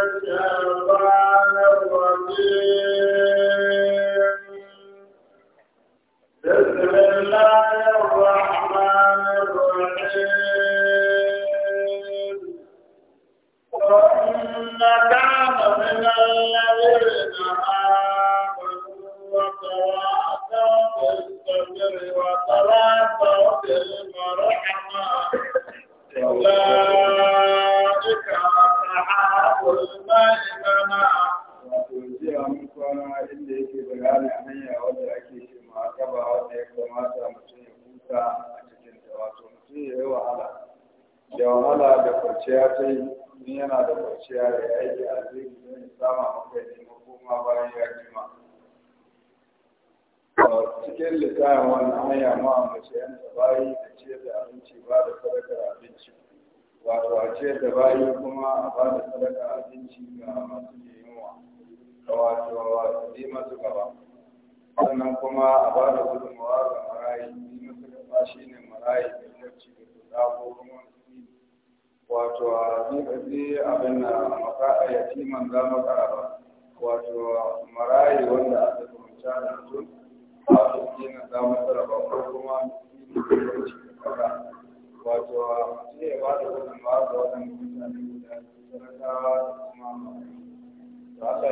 تَوَكَّلْتُ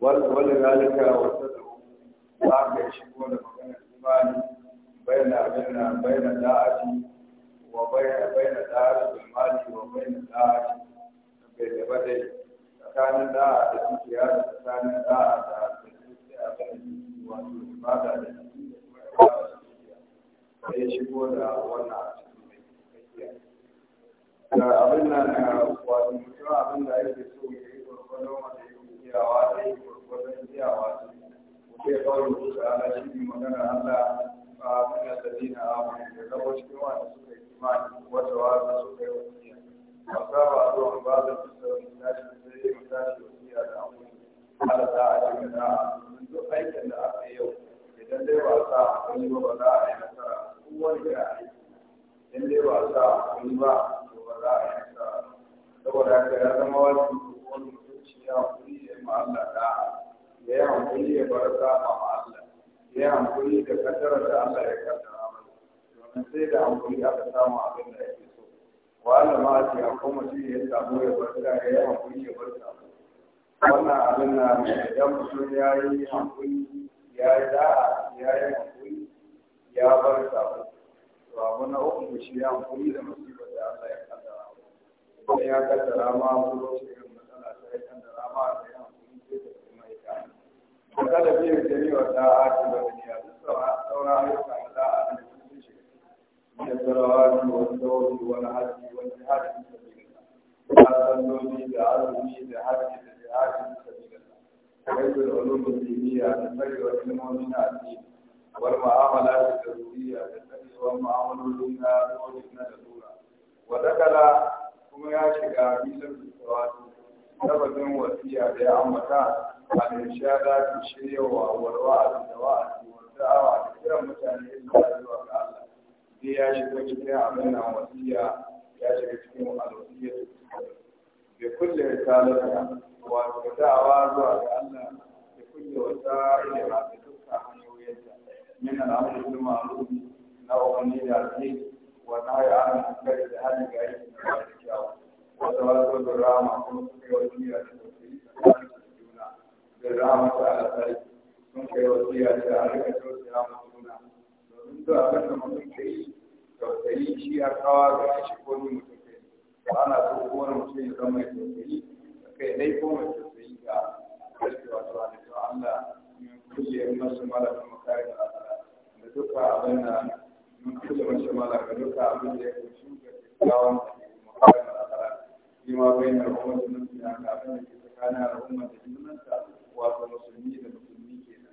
ولذلك وصدقوا ذاك يشكون مكان الإيمان بين بين بين الداعي وبين بين الداعي بالمال وبين الداعي بالبدن كان الداعي بالسياسة كان الداعي بالسياسة ya shigo da wannan abin nan wato mutum abin da yake so ya yi gwargwado wanda iyawa da yi gwargwadon da shi magana Allah a mana a wani da zama cikin wani yi wata yi ba ba sai yi da duk aikin da aka yi yau dai ya aiki idan dai wani shi ya hankuri ya yi ma'alla da'a ya yi hankuri ya bar saba ma'alla ya yi hankuri da kaddara da Allah ya kaddara mai domin sai da hankuri aka samu abin da yake so wa Allah ma ce a kuma shi ya samu ya bar da ya yi hankuri ya bar saba wannan abin na idan mutum ya yi hankuri ya yi da'a ya yi hankuri ya bar saba to abu na uku shi ya hankuri da musibar da Allah ya kaddara mai ya kaddara ma kuma shi samar da yan kuɗi sai ta fi mai ta. da biyu jami'ar da ake da duniya duk sauran ayyuka na da a da sun shiga. Da sarawati wani tsawon wani haji wani haji da sabila. Da salloli da azumi da haji da jihadi da sabila. Kaifu da ulumin diniya da tsarewar ilmomi na addini. Wal ma'amala da zuriya da tsarewar ma'amalolin na dole na da lura. Wadakala kuma ya shiga bisan wato lafazin wasiya da ya amata, a irshada da shiryawa walwa da wa'azi wadawa da kiran mutane zuwa zuwa ga Allah sai ya shiga cikin abin nan wasiya ya shiga cikin alwasiya da kulle risalata wato da'awa zuwa ga Allah da kulle wata ilima da dukkan hanyoyinta min al'amri bil ma'ruf na wani da alheri wa nahyi 'anil munkari da hali ga aiki da kyawu wata wasu rama kuma suka yi da ta kai a rika tausaya ma juna domin duk abin shi shi ko ba ana so kowane mutum ya zama mai dai ga gaske wasu wani to Allah min mara duka abinda. mun kulle masu mara cewa bai na rahoton musulunci na kafin da ke tsakanin al'umma da jimlanta wato musulmi da musulmi ke nan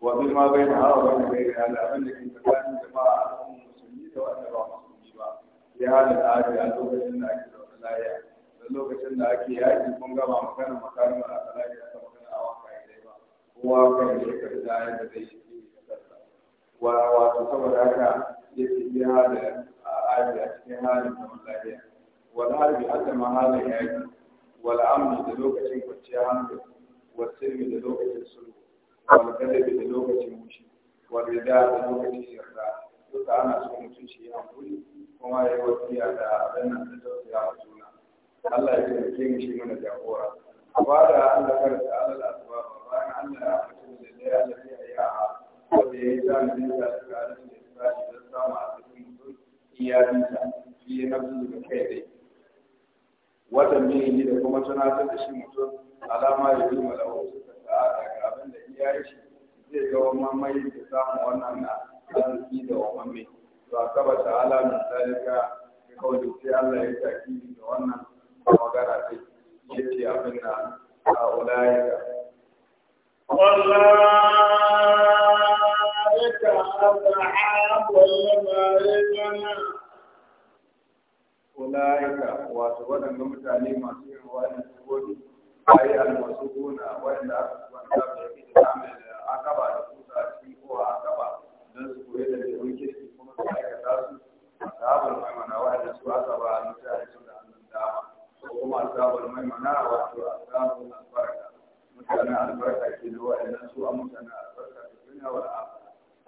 wato ma bai na hawa bai na bai da abin da ke tsakanin jama'a al'umma musulmi da wanda ba musulmi ba ya hada da aji a lokacin da ake zaune laya da lokacin da ake yaƙi kun gama magana makarin a tsaraki da a wanka ya dai ba kowa kan yi shekar da zai shi ne da sassa wato saboda haka ka ce ya hada a aji a cikin halin zaman lafiya wal harbi hadda mahalin yaki wal amni da lokacin kwanciyar hankali wal sirri da lokacin sulhu wal gadabi da lokacin mushi wal rida lokacin yarda duka ana so mutum shi yi hankali kuma ya yi wasiya da abin nan da tausaya wa Allah ya taimake mu shi mana jagora fara an da karanta alal asbab bayan Allah ya mutum da ya lafi ayyaha wanda ya yi zamanin da alƙalin da ya sa shi don samu a mutum iyalinsa shi ya nafsu da kai dai watan ne da kuma tunatar da shi mutum alama ya yi wasu ta sa'a daga abin da iya yi shi zai ga wannan mai da samun wannan na arziki da wannan mai to a saba ta ala min ya kawai sai Allah ya taki da wannan magana sai ce abin da a ulaika ya ka ashabul mayyana ulaika wato waɗanda mutane masu yin wani sigobi ai almasubuna wanda aka kwanta da yake da amal akaba da kusa cikin kowa akaba don su koyi da jirgin kirki kuma su aikata su mana maimana wanda su aka ba mutane su da hannun dama ko kuma asabar maimana wato asabar albarka mutanen albarka ke da wa'anda su a mutanen albarka da duniya wal a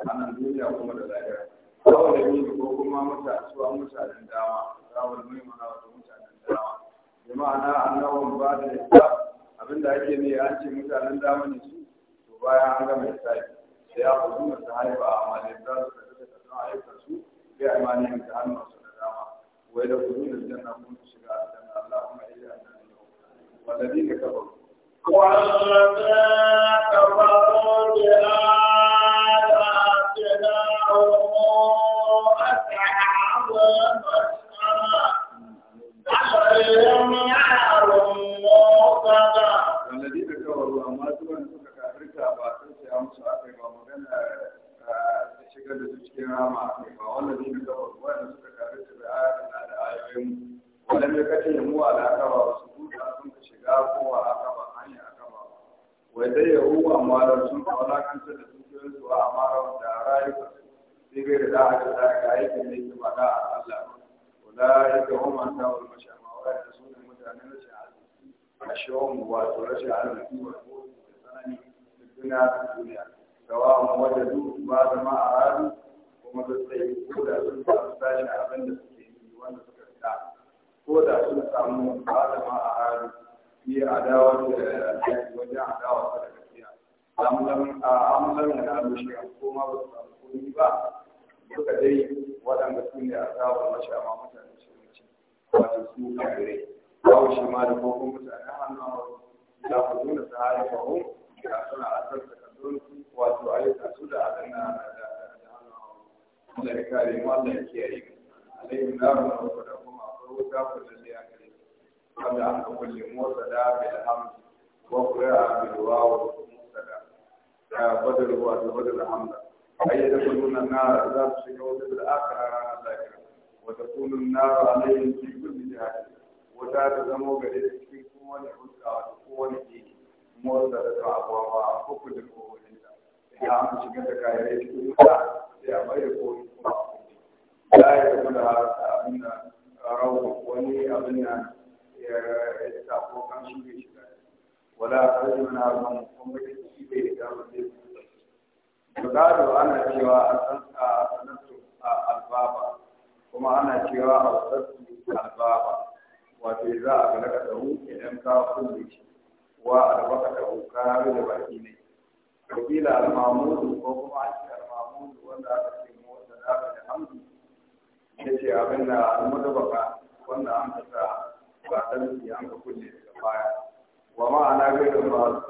anan duniya kuma da lahira kawai da ko kuma mutane su a mutanen ake ne an ce mutanen zamani su to bayan an gama lissafi sai ya kuzu masu haifa a amalin za su kasance da sun haifa su bai amalin da hannun su da dama wai da kuzu da na kun shiga allah kuma aljanna Allahumma illa annabi wa ladina kafaru wa alladhina kafaru bi sai ya huwa malar sun kawana kansa da dukiyoyin su a mara da rayuwa sai bai da da'a da da'a ga da yake faɗa a Allah ba wala yake homa ta wal mashama wa da suna mutane ne arziki a shawon wato rashin arziki بالواو والمبتدا بدل هو بدل الحمد أي يدخلون النار إذا تشكوا بالآخرة رانا ذاكرة وتكون النار عليهم في كل جهة وذات زمو قريب في قوة حسكة وقوة جيكي موصلة أبوابها وكل القوة إذا عم شكتك عليك كل يا غير قوة لا يدخلها من روح ولي أبنان يستعقوا كان شو wala akwai mana abin kuma da shi bai da damar zai Gado ana cewa a san a nasu a albaba kuma ana cewa a wasu albaba wato za a ga daga dahu idan ka kulle shi wa albaka dahu ka rabu da baki ne wakila almamudu ko kuma an ce almamudu wanda aka ce mota da aka da hamdu ya ce abin da almudabaka wanda an ka sa ba ta nufi an ka kulle da baya ومعنا غير ما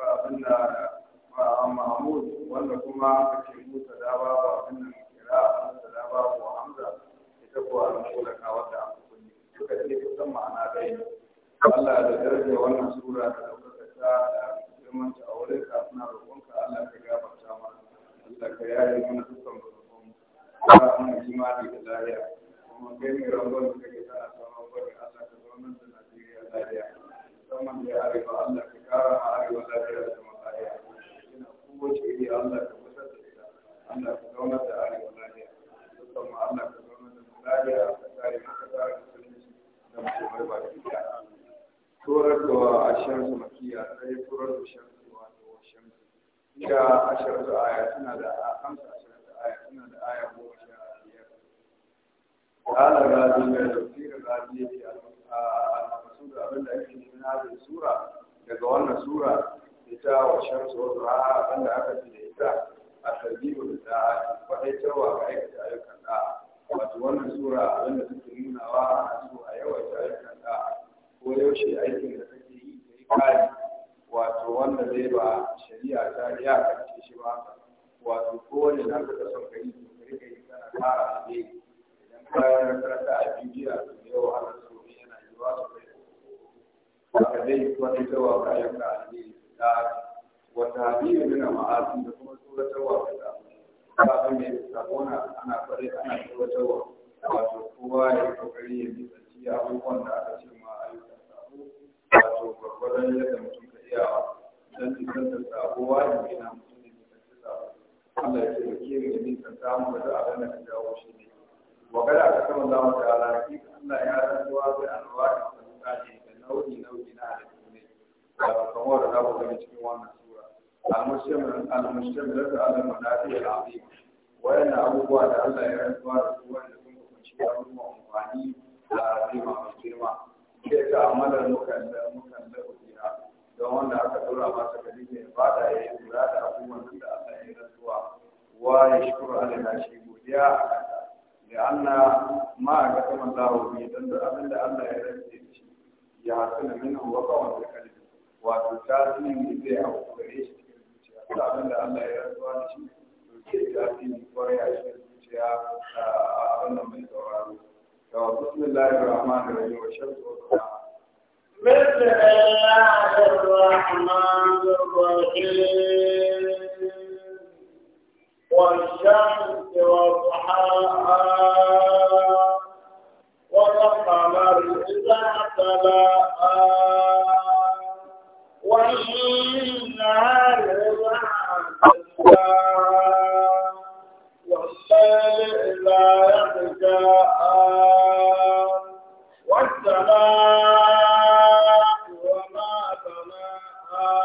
أن محمود عمود كما أكيد موسى دابا وأن كراء موسى دابا وحمزة يتبقى المقولة كاوتا وكذلك يتم معنا غير قال الله لدرجة وأن سورة تدوكت ساعة كمان ألا تجاب الشامع ألا كياري من تسم بربون وأن إجماعي بالله ومن كيني ربون كيسا ألا تجاب الشامع ألا تجاب musamman da arewa Allah ka kara a arewa lafiya da zama lafiya ina kowace iri Allah ka kusa da ita Allah ka zaunar da arewa lafiya musamman Allah ka zaunar da lafiya ka kare maka tsara musulunci da musulmai ba da ita turar da a shamsu makiya sai turar da shamsu wato wa shamsu ita a shamsu aya suna da a hamsa a shamsu aya suna da aya goma sha biyar قال غازي من تفسير غازي في a da abin da ake nuna na da sura daga wannan sura ita wa shamsu wa zuha abin da aka ce da ita a tarbiyu da ta kwaɗai sura abin da suke nuna a su a yawaita ayyukan da ko yaushe aikin da take yi ba shari'a ta riya shi ba wato kowane nan da kasan kai su ka rika yi kana yana yiwuwa haka dai wani tawa ga ayyuka alheri da wata biyu nuna ma'azi da kuma tsoratarwa ga da ba a mai sakona ana kwarai ana tsoratarwa wato kowa ya yi kokari ya nisanci abubuwan da aka ce ma ayyukan sabo wato gwargwaron yadda mutum ka iya don da sabo wani na mutum da nisanci sabo Allah ya taimake mu ya nisanta mu da abin da ka jawo shi ne wa kada aka kama Allah ta'ala hakika Allah ya rantsuwa bi anwa'in sabutaji nau'i nau'i na halittu ne da kamar da za ku gani cikin wannan sura al-mustamil al-mustamil da al-manafi al-azim wayannan abubuwa da Allah ya rantsuwa da su wanda sun kunshi abubuwan amfani da azima mai girma sai ka amalar mukalla mukalla biya don wanda aka tura masa gari ne fada ya yi kula da abubuwan da Allah ya rantsuwa wa ya shukuru na shi godiya a kanta da anna ma a ga kuma zawo ne don da abin da Allah ya rantse da shi ya hasana minhu wa qawan bil qalbi wato tasirin da zai auku gare shi cikin zuciya duk abin da Allah ya rantsuwa da shi to ke tasiri kwarai a cikin zuciya a abin nan mai sauraro to bismillahir rahmanir rahim wa shamsu wa qamar بسم الله الرحمن الرحيم والشمس وضحاها والقمر إذا تلاها والنهار إذا تجلاها والليل إذا يغشاها والسماء وما بناها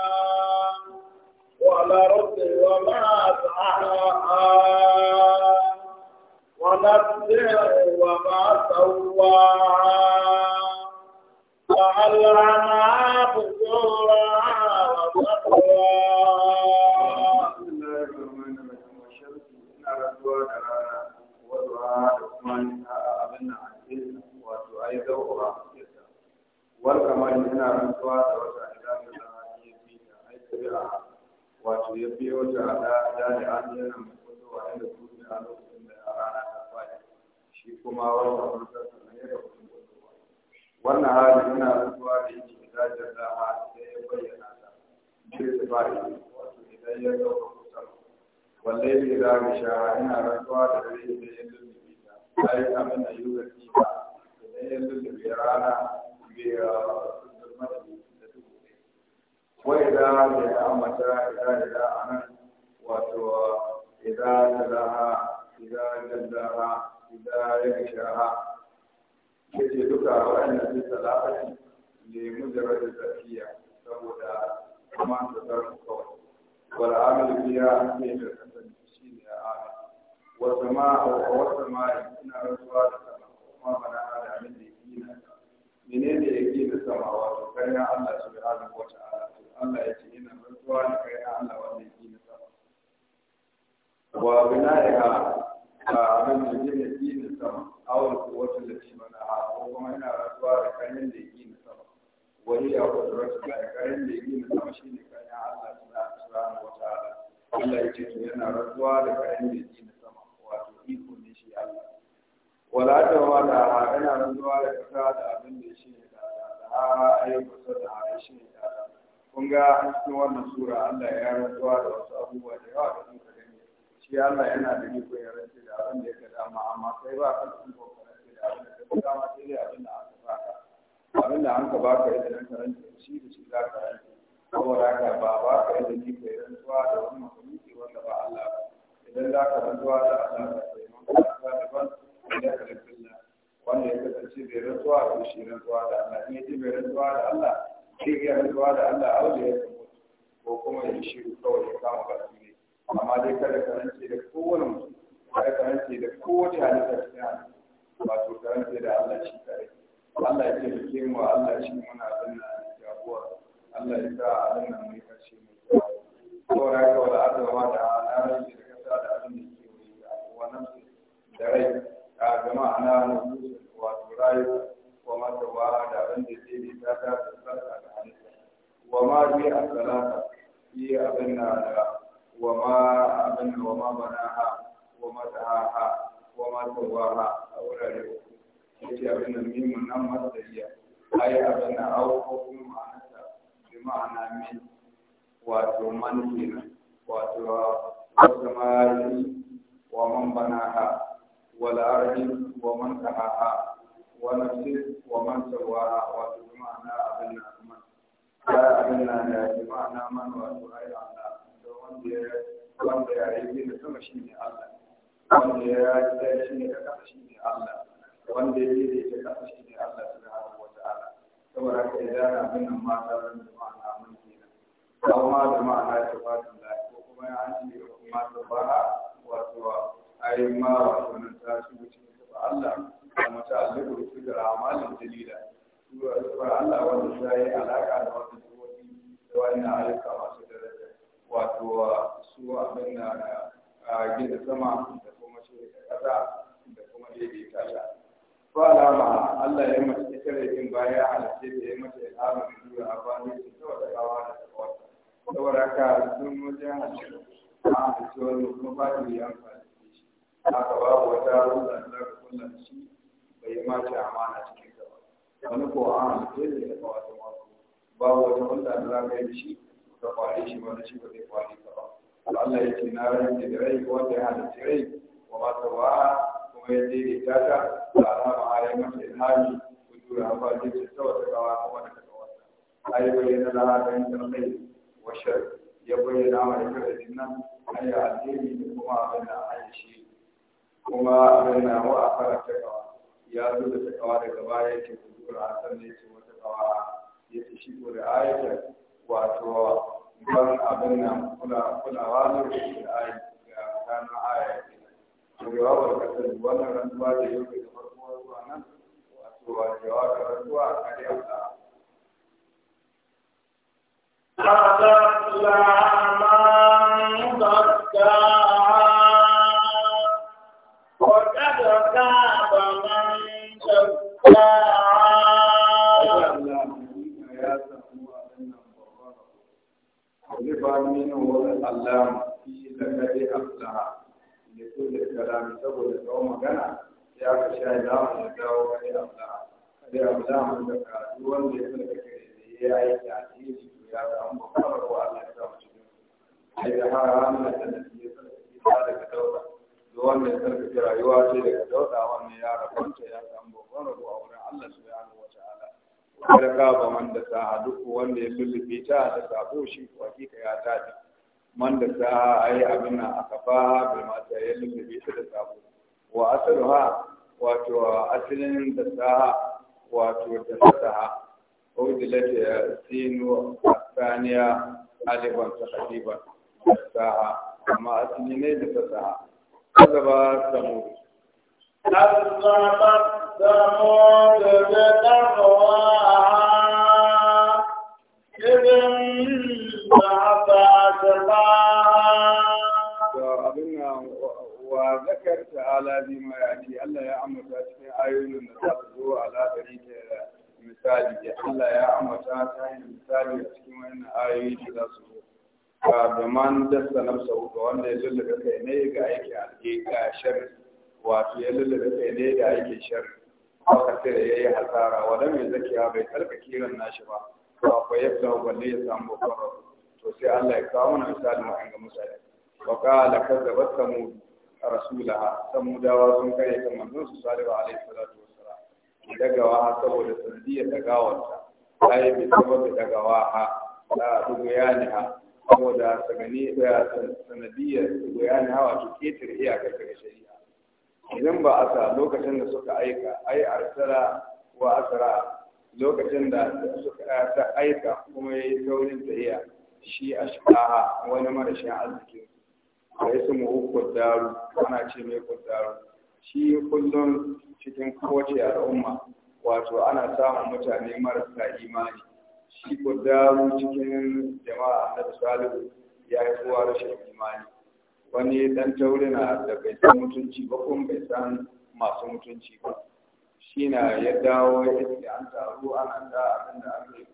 وما سعاها نفسه وما سواها فألهمها فجورها وتقواها والكمال من الرسول والسلام على نبينا أي سبيل wato ya biyo ta da da da an yana mai kudu a inda su ne a lokacin shi kuma wannan mutum sannan ya rabu wannan hali ina zuwa da yake dajar da ha da ya bayyana ta bai da ba yi wato idan ya dauka kusa wanda bai za mu sha ina rantsuwa da dare da ya lullube ta ai abin da yi ga ci ba idan ya lullube rana bai zama ah, da da dubu ne wai da ya amata idan idan anan wato ah, idan da ha idan da ha da ya ga shara ya ce duka ne da saboda kuma da zarfi kawai biya ne da shi ne wasu ma a wasu ma ina rasuwa da sama kuma bana da abin da yake na mene ne yake da sama wato Allah ya ce ina rasuwa da kai Allah wanda yake na sama wa a nan da jin da ke na sama a wasu wata ke mana ha ko kuma yana rasuwa da kayan da ke na sama wani ya kudurarsu da kayan da ke na sama shi ne kayan allah suna suna wata ala allah ya ce yana rasuwa da kayan da ke na sama wato iko ne shi allah wala da wala yana rasuwa da kasa da abin da shi ne da da ayyukan da a shi ne da kun ga cikin wannan sura allah ya rasuwa da wasu abubuwa da yawa da suka shi Allah yana da iko ya rance da abin da yake dama amma kai ba ka da iko ka da abin da kake dama sai dai abin da aka baka abin da an ka baka idan ka rance shi da shi za ka rance saboda haka ba ba ka yi da iko ya rantsuwa da wani makamiki wanda ba Allah ba idan za ka rantsuwa da Allah ka sai mun ka daban da ka rantsuwa wanda ya kasance bai rantsuwa da shi rantsuwa da Allah in ce bai rantsuwa da Allah shi ya rantsuwa da Allah aure ya ko kuma ya shiru kawai ya kama baki amma dai kada ka rance da kowane mutum kada ka rance da kowace halitta cikin halitta wato ka rance da Allah shi kare Allah ya taimake mu Allah shi muna abin nan jagowa Allah ya sa abin nan mai karshe mai kyau saboda haka wala azama da na rance da kasa da abin da ke wuri da wannan nan da rai a jama'a na nufusin wato rayuwa wa mata wa da abin da ke da ta ta da halitta wa ma biya a salata iya abin na da وما أبن وما بناها وما تهاها وما سواها أولا له يجي أبنى من من أم مصدرية أي أبنى أو حكم معناتها بمعنى من واتو من هنا واتو والسماء ومن بناها والأرض ومن تهاها ونفس ومن سواها واتو بمعنى أبنى أمن أبنى بمعنى من واتو أي أبنى wanda ya yi da sama shi ne Allah wanda ya yi shi ne shi ne Allah wanda ya yi da shi ne Allah saboda ma ta ko kuma ya an ce ma ta fara wato ma Allah kuma su da dalila Allah wanda yi alaka da wasu da wani na alaka masu daraja wato su abin na gina sama da kuma shirya da ƙasa da kuma daidaita ta ko alama Allah ya mace ita da jin baya halitta da ya mace alama da jura a bani da ta wata kawa da ta kawarta saboda haka sun wajen halitta a halitta wani kuma ba ta yi amfani da shi A gaba, wata rusa da za ka kulla da shi bai mace amana cikin gaba wani ko an halitta da ya kawo da babu wata wanda da za ka yi da shi ka kwale shi wanda shi ba zai kwale ka ba Allah ya ce na rage da rai wanda ya halitta rai ba ta wa kuma ya daidaita da alama a yi mata ilhami ku jura ba zai ce ta wata kawa kuma da kaga wata ai bayyana da hakan ta kai wa shar ya bayyana ma ita kuma abin da an kuma a ta ya ta daga baya ya ce ku jura a sannan shi ko da ayatar wato ban abin nan kulawa da rikin ayi ga kanan aya ke jawabin kasar wannan rantsuwa da yau da farko zuwa nan wato jawabin rantsuwa a kare a Allah riba mini wani allah fi da kare aflaha da su da kalami saboda kawo magana ya ka sha lamu da dawo kare aflaha kare aflaha da karatu wanda ya fi da kare da ya yi aiki a cikin ya samu babbar ko allah ya samu cikin sai da har hannun da na fiye sarki ta daga dauda da wanda ya sarki rayuwa ce da ka dauda wannan ya rabanta ya samu babbar ko a wurin allah ya ya hannu sarka ba man da sa'a duk wanda ya lullube ta da sabo shi ko ka ya tafi man da sa'a ai abin nan aka fa bil mata ya lullube ta da sabo wa ha wato asalin da sa'a wato da sa'a ko da lati sinu asaniya alifan sakatiban da sa'a amma asali ne da sa'a kaza ba samu kaza ba ثمود بتقواها إذ انبعث أشقاها وذكر تعالى بما يأتي ألا يا أمة أشكي أيون النصر على بريك misali ya Allah ya amata ta hanyar misali a cikin wannan ayoyi da za su ka domin dasta nafsa ga wanda ya lullube kai ne ga aiki alheri ga shar wato ya lullube kai ne ga aiki shar aka sai ya yi hasara wanda mai zakiya bai tsarkake ran nashi ba to akwai yadda balle ya samu babban rabu to sai Allah ya kawo mana misalin wa'in ga misali wa qala kazzabat samud rasulaha samudawa sun kare ta manzon su salihu alaihi salatu wassalam dagawa saboda sanadiyar dagawarta yi bi saboda dagawa ha da duguyani ha saboda eh, sanadiyar duguyani ha wato ketar iyakar daga shari'a idan ba a sa lokacin da suka aika ai arsala wa asara, lokacin da suka eh, ta aika kuma ya yi taurin tahiya shi a sha'a wani marashin arziki yi su mu kuddaru ana ce mai kuddaru shi kullum cikin kowace al'umma wato ana samun mutane marasa imani shi kuddaru cikin jama'a na salihu ya yi kowa rashin imani wani dan na da bai san mutunci ba ko bai san masu mutunci ba shi na ya dawo ya ce an taru an da abin da ake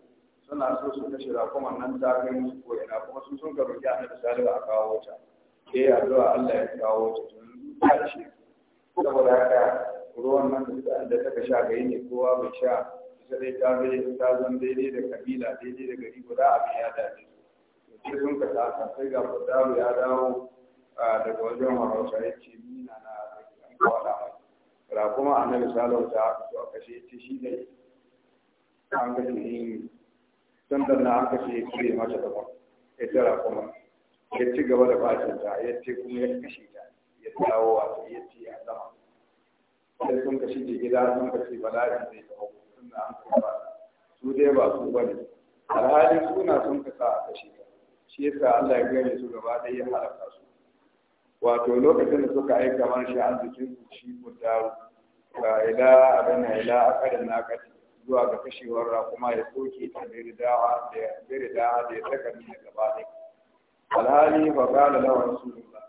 suna so su kashe rakuman nan ta kai musu ko ina kuma sun sun garuki a nan da a kawo ta ke ya zuwa Allah ya kawo ta tun ta ce saboda haka ruwan nan da da ta sha gai ne kowa bai sha ita dai ta zai ta zan daidai da kabila daidai da gari guda abin ya dace sai sun ka ta sai ga fadaru ya dawo daga wajen marauta ya ce mina na an kawada mai ra kuma annabi salihu ta haka zuwa kashe ce shi ne an kashe yin sandan na an kashe ya cire mata da ba ya tara kuma ya ci gaba da bacin ta ya ce kuma ya kashe ta ya dawo a ya ce ya zama sai sun kashe ke gida sun kashe bala'i zai kawo sun da an kashe ba su dai ba su ba ne. alhali suna sun kasa a kashe ta shi yasa Allah ya gane su gaba ɗaya ya halaka su wato lokacin da suka aika man shi arzikin su shi kuta ga ila abin ila akarin na kaci zuwa ga ra, rakuma ya soke ta da'a da ya saka ni da gaba ɗaya alhali ba ga da lawan su ba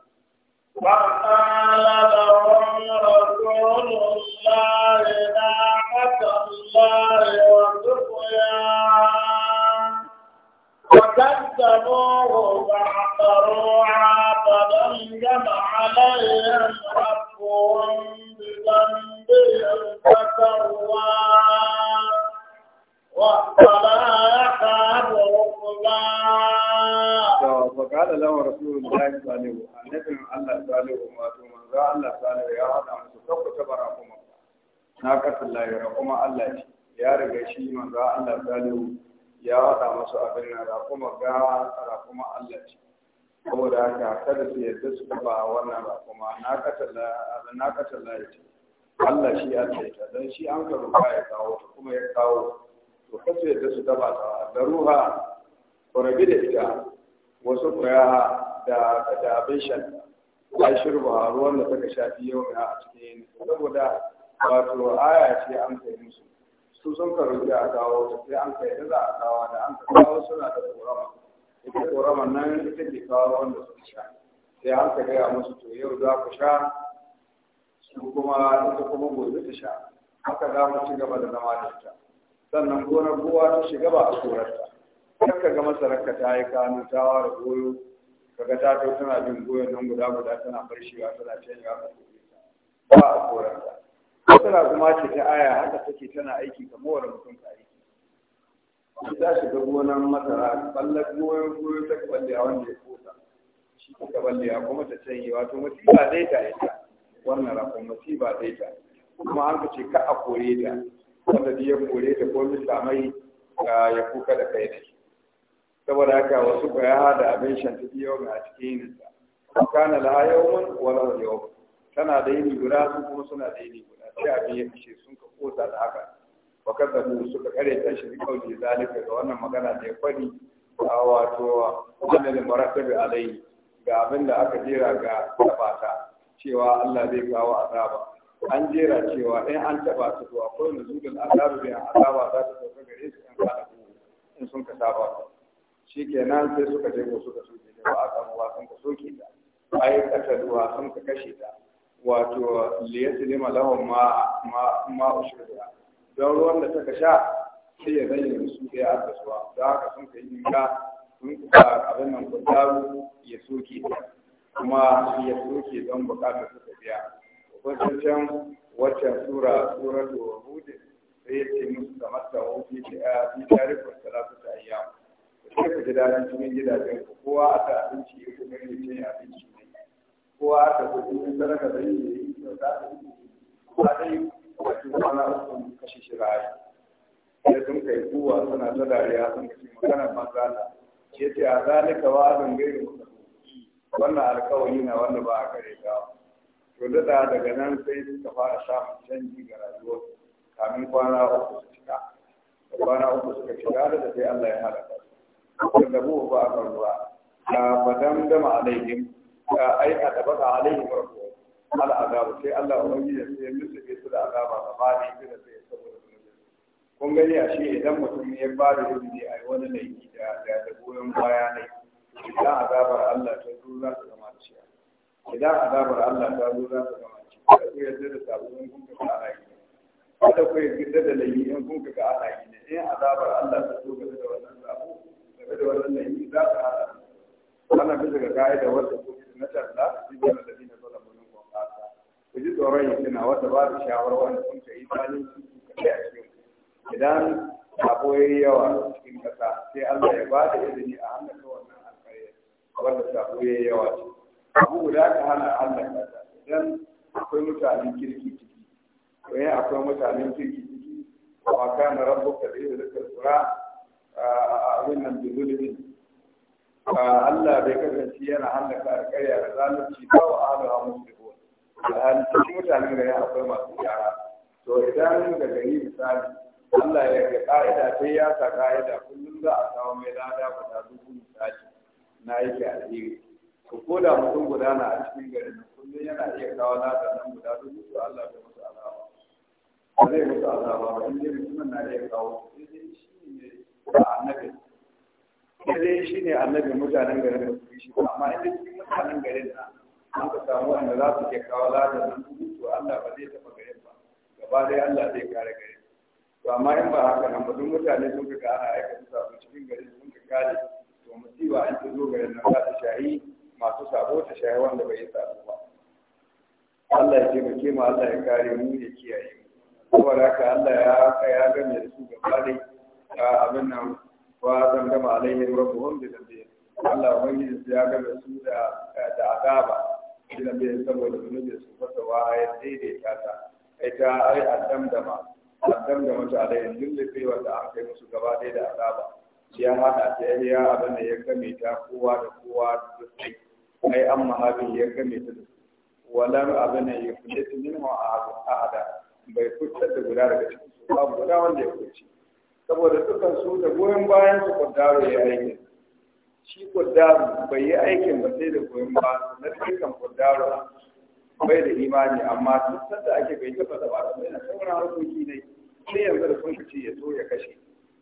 rasulun rasulullahi salihu a nufin Allah salihu wato manzo Allah salihu ya hada musu kakku ta bara kuma na kasan lahira kuma Allah ce ya riga shi manzo Allah salihu ya hada musu abin nan ra kuma ga ra kuma Allah ce saboda haka kada su yadda su ba wannan ra kuma na kasan na kasan Allah shi ya taita don shi an karo ya kawo kuma ya kawo to kace yadda su daba ta da ruha ko da ita wasu kuyaha da da bishan ya shirba ruwan da suka shafi yau na a cikin yini saboda wato aya ce an kai musu su sun karuci a kawo da sai an kai da za a kawo da an kawo suna da korama ita tsoron nan ita ke kawo wanda suka sha sai an kai gaya musu to yau za ku sha su kuma ita kuma gobe ta sha haka za mu ci gaba da zama da ita sannan gonar kowa ta shiga ba a korarta kar ka ga masararka ta yi kanu ta wara goyo kaga ta to tana bin goyon nan guda guda tana farshewa tana canjawa ka kuɗi ba a koranta tana kuma ce ta aya haka take tana aiki kamar mawar mutum ka aiki shi ta shiga gonan masara ballar goyon goyo ta kwalle a wanda ya kosa shi ta kwalle a kuma ta canye wato ba dai ta ta, wannan rafin ba dai ta kuma an ce ka a kore ta wanda ya kore ta ko misamai ya kuka da kai ne saboda haka wasu ba ya hada abin shantaki yau ga cikin yininsa kana la yawmun wala yawm tana da yini guda su kuma suna da yini guda sai abin ya kashe sun ka kosa da haka wa kadzabu suka kare ta shi kauli zalika ga wannan magana da ya fadi a wato annal murakkab alai ga abin da aka jera ga tabata cewa Allah zai kawo azaba an jera cewa in an taba su to akwai nuzulul azabi bi azaba za ta sauka gare su in kana in sun ka saba shi kenan sai suka je ko suka soke da wa aka ruwa sun ka soke ta ai kataluwa sun ka kashe ta wato liyaslima lahum ma ma ma ushriya don ruwan da suka sha sai ya zayyana su sai a kasuwa don haka sun ka yi ninka sun ka abin nan kuntaru ya soke kuma ya soke don bukatar su ta biya wajen waccan sura sura da wahudin sai ya ce musu da masa wafi da ya fi tarifin salatu ta ayyama sai ka ji daɗin cikin gidajen ku kowa aka abinci ya kuma yi cin abinci ne, kowa aka kuɗi in sadaka da yi yi kyauta da yi a dai wato kwana uku kashe shi ra'ayi ya sun kai kuwa suna ta dariya sun kashe magana banzana ya ce a zalika wa'azin gairi mutum wannan alkawari na wanda ba a kare ta to da daga nan sai suka fara samun canji ga rayuwar kamin kwana uku su cika kwana uku suka cika da sai Allah ya halaka kallabu ba a ruwa fa damdama alaihim ai a tabaka alaihim rabbuhum al azab sai Allah ubangiji ya sai musu ke su da azaba ba da ita da sai saboda kun gani a shi idan mutum ya ba da izini a wani laifi da da goyon baya ne idan azabar Allah ta zo za ta zama ciya idan azabar Allah ta zo za ta zama ciya kada ku yarda da sabon kun ka ana yi kada ku yarda da laifi in kun ka ana yi ne in azabar Allah ta zo ga da wannan sabo da wannan yi za ka hada ana bisa ga ka'ida wanda kuma na talla shi ne da dina zala mun ko kasa ku ji tsoron yin tana wata ba da shawara wanda kun ka yi bani ku kai a cikin idan abu ya yi yawa cikin kasa sai Allah ya ba da izini a hannun wannan alƙarya wanda sabo yayi yawa cikin abu guda ka hana Allah kasa idan akwai mutanen kirki ciki to akwai mutanen kirki ciki wa kana rabbuka bi dhikri qura a abin nan bi zulmin Allah bai kasance yana hallaka alƙarya da zalunci ba wa ahalawa musulmi alhali cikin da ya akwai masu gyara to idan da gari misali Allah ya ga ka'ida ta ya sa ka'ida kullum za a samu mai lada guda dubu misali na yake alheri to ko da mutum guda na a cikin garin kullum yana iya kawo lada nan guda dubu to Allah bai musu azaba ba zai musu azaba ba in dai mutumin na iya kawo sai dai ba annabi sai shi ne a nabi mutanen garin da su shi amma inda cikin mutanen garin na an ka samu wanda za su ke kawo ladan nan to Allah ba zai taɓa garin ba gaba dai Allah zai kare garin to amma in ba haka nan ba duk mutane sun ka ana aikata sabo cikin garin sun ka kare to musiba an ta zo garin nan za ta shayi masu sabo ta shayi wanda bai yi sabo ba Allah ya taimake mu Allah ya kare mu ya kiyaye mu saboda haka Allah ya ya game da su gaba dai abin nan wa zan gama alaihim rabbuhum bi dhanbihim Allah ubangiji ya gama su da da azaba bi dhanbihim saboda zunubi su fasa wa ya daidaita ta ita ai addamdama addamdama ta alaihim lullufe wanda an kai musu gaba dai da azaba ya hada ta ya abin da ya gami ta kowa da kowa da sai ai an mahabin ya gami ta da su walam abin da ya kulle ta min wa a ahada bai fitar da guda daga cikin su babu guda wanda ya kuce saboda dukan su da goyon bayan su kwadaro ya aikin shi kwadaro bai yi aikin ba sai da goyon ba na dukkan kwadaro bai da imani amma duk da ake bai taba taba da bai na sauran harkoki ne sai yanzu da sun kace ya zo ya kashe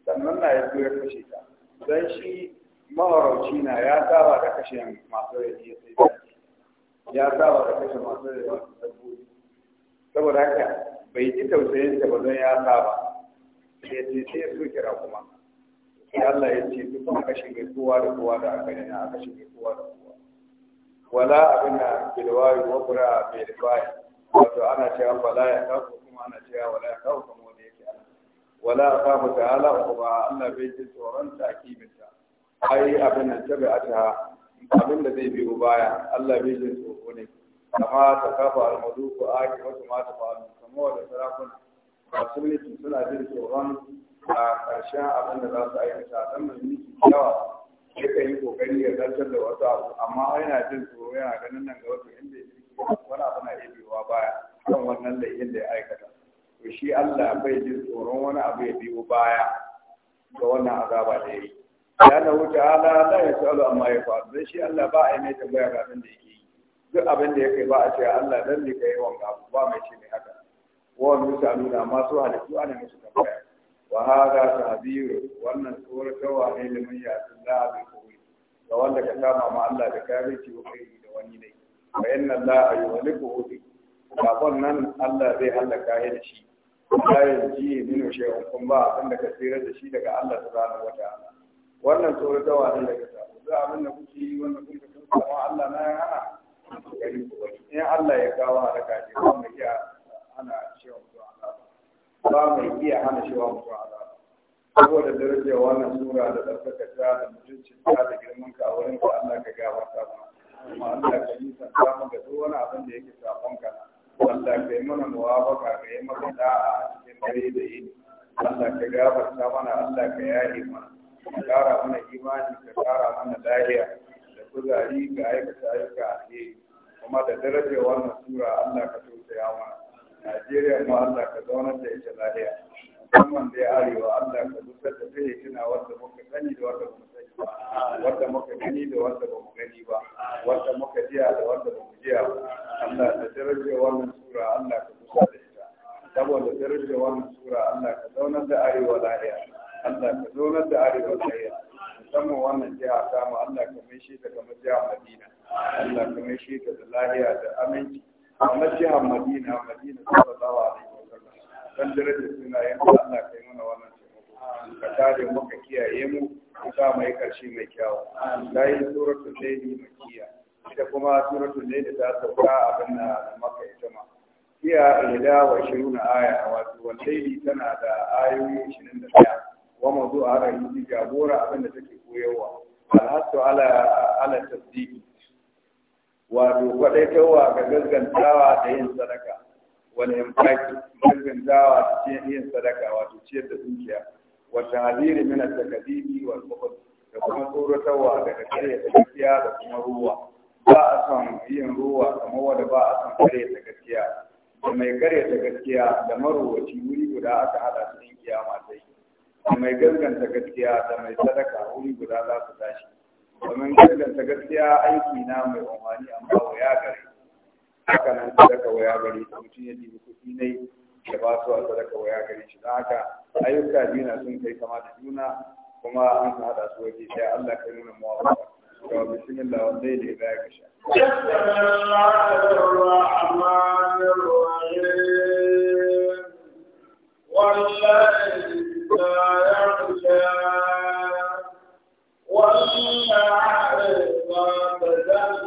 sannan na ya zo ya kashe ta dan shi maharauci na ya saba da kashe masu rai ya sai ya saba da kashe masu rai saboda haka bai ji tausayin ta ba don ya saba ya ce sai ya soke kuma? sai Allah ya ce duk aka shige kowa da kowa da aka yana aka shige kowa da kowa wala abin da bilwari wa kura bilwari wato ana cewa wala ya kafu kuma ana cewa wala ya kafu kuma wanda yake ana wala kafu ta'ala uba Allah bai ji tsoron ta takibinta ai abin nan tabi'ata abin da zai biyo baya Allah bai ji tsoro ne kama ta kafa almaduku aki wasu mata fa'alu kama da sarakuna masu mulki suna jin tsoron a ƙarshen abin da za su aikata don mai mulki yawa yakan yi kokari ya zartar da wasu abu amma yana jin tsoro yana ganin nan ga wasu inda ya mulki wani abu na iya baya kan wannan laifin da ya aikata to shi Allah bai jin tsoron wani abu ya biyo baya ga wannan azaba da ya yi ya wuce ala la ya tsalo amma ya faru don shi Allah ba a yi mai tambaya ga abin da yake yi duk abin da ya kai ba a ce Allah dan ne kai wanka ba mai shi mai haka wa wani ta nuna masu halittu ana musu tambaya wa hada tabiru wannan tsoratawa ne limin ya tsalla bi kuri ga wanda ka kama ma Allah da kafirci wa kai da wani ne za inna Allah yuhliku bi kafon nan Allah zai halaka ya da shi la yaji min shay'un kun ba abin da ka tsira da shi daga Allah subhanahu wa ta'ala wannan tsoratawa ne daga ta za abin da kuke yi wannan kun ka san Allah na ya hana in Allah ya kawo halaka ne kuma ya hana cewa mutum azaba ba mai iya hana cewa mutum azaba saboda darajar wannan sura da ɗaukaka ta da mutuncin ta da girman ka a wurin ka Allah ka gafarta mu kuma Allah ka nisa santa mu duk wani abin da yake sakon ka Allah ka yi mana muwafaka ka yi maka da'a a cikin dare da yini Allah ka gafarta mana Allah ka yaye mana ka ƙara mana imani ka ƙara mana lahiya da kuzari ga aikata ayyuka alheri kuma da darajar wannan sura Allah ka tausaya mana Najeriya ma Allah ka zaunar da ita lahiya musamman dai arewa Allah ka busar da ta hitina wanda muka sani da wanda muka sani ba wanda muka gani da wanda ba mu gani ba wanda muka jiya da wanda ba mu jiya ba Allah da darajar wannan sura Allah ka busar da ita saboda darajar wannan sura Allah ka zaunar da arewa lahiya Allah ka zaunar da arewa lahiya musamman wannan jiha ta mu Allah ka mai shi daga kamar jiha Madina Allah ka mai shi daga da lahiya da aminci amma jihar madina madina a alaihi kasa. dan daraja sunayen Allah kai mana wannan taimako ka tare mu kiyaye mu ka sa mai ƙarshe mai kyawu dai suratul layli makiya ita kuma suratul layli ta sauka abin na maka ita ma iya ila wa 20 aya wato wal tana da ayoyi 21 wa mawdu'a ra'isi jagora abin da take koyarwa alhasu ala ala wato kwaɗaitowa ga gaggantawa da yin sadaka wani infaki gaggantawa da yin sadaka wato ciyar da dukiya wata hadiri mina da kadidi wa da kuma tsoratarwa daga kare ta gaskiya da kuma ruwa ba a son yin ruwa kamar wanda ba a son kare ta gaskiya da mai kare ta gaskiya da marowaci wuri guda aka hada su in kiyama sai da mai gaskanta gaskiya da mai sadaka wuri guda za su tashi domin gaskanta gaskiya aiki na mai umarni amma waya gari haka nan sadaka waya gari da mutum ya dibi kuɗi ne ya ba su a sadaka waya gari shi don haka ayyuka biyu na sun kai kama da juna kuma an ka haɗa su waje ɗaya Allah ka nuna mu wa to bismillah wanda ya ga ya kashe والله لا يخشى تجلى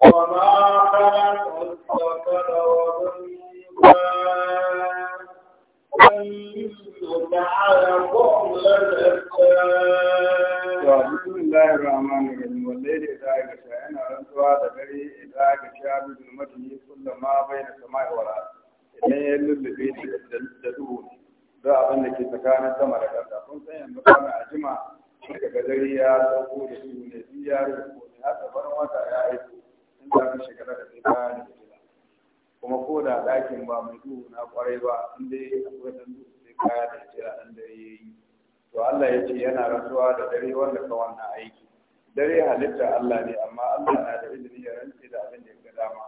وما خلق الذكر والأنثى إن سعيكم لشتى بسم الله الرحمن الرحيم والليل إذا يغشى أنا رنتوا دغري إذا يغشى بظلمته كل ما بين السماء والأرض idan ya lullube da duhu da abin da ke tsakanin sama da daga dare ya sauko da su ne ya rufu ne har da wata ya aiko in za mu shiga daga sai bayan da gida kuma ko da ɗakin ba mai duhu na kwarai ba in dai akwai ɗan duhu sai kaya da jira ɗan dare ya yi to Allah ya ce yana rantsuwa da dare wanda ka wannan aiki dare halitta Allah ne amma Allah na da izini ya rantse da abin da ya ga dama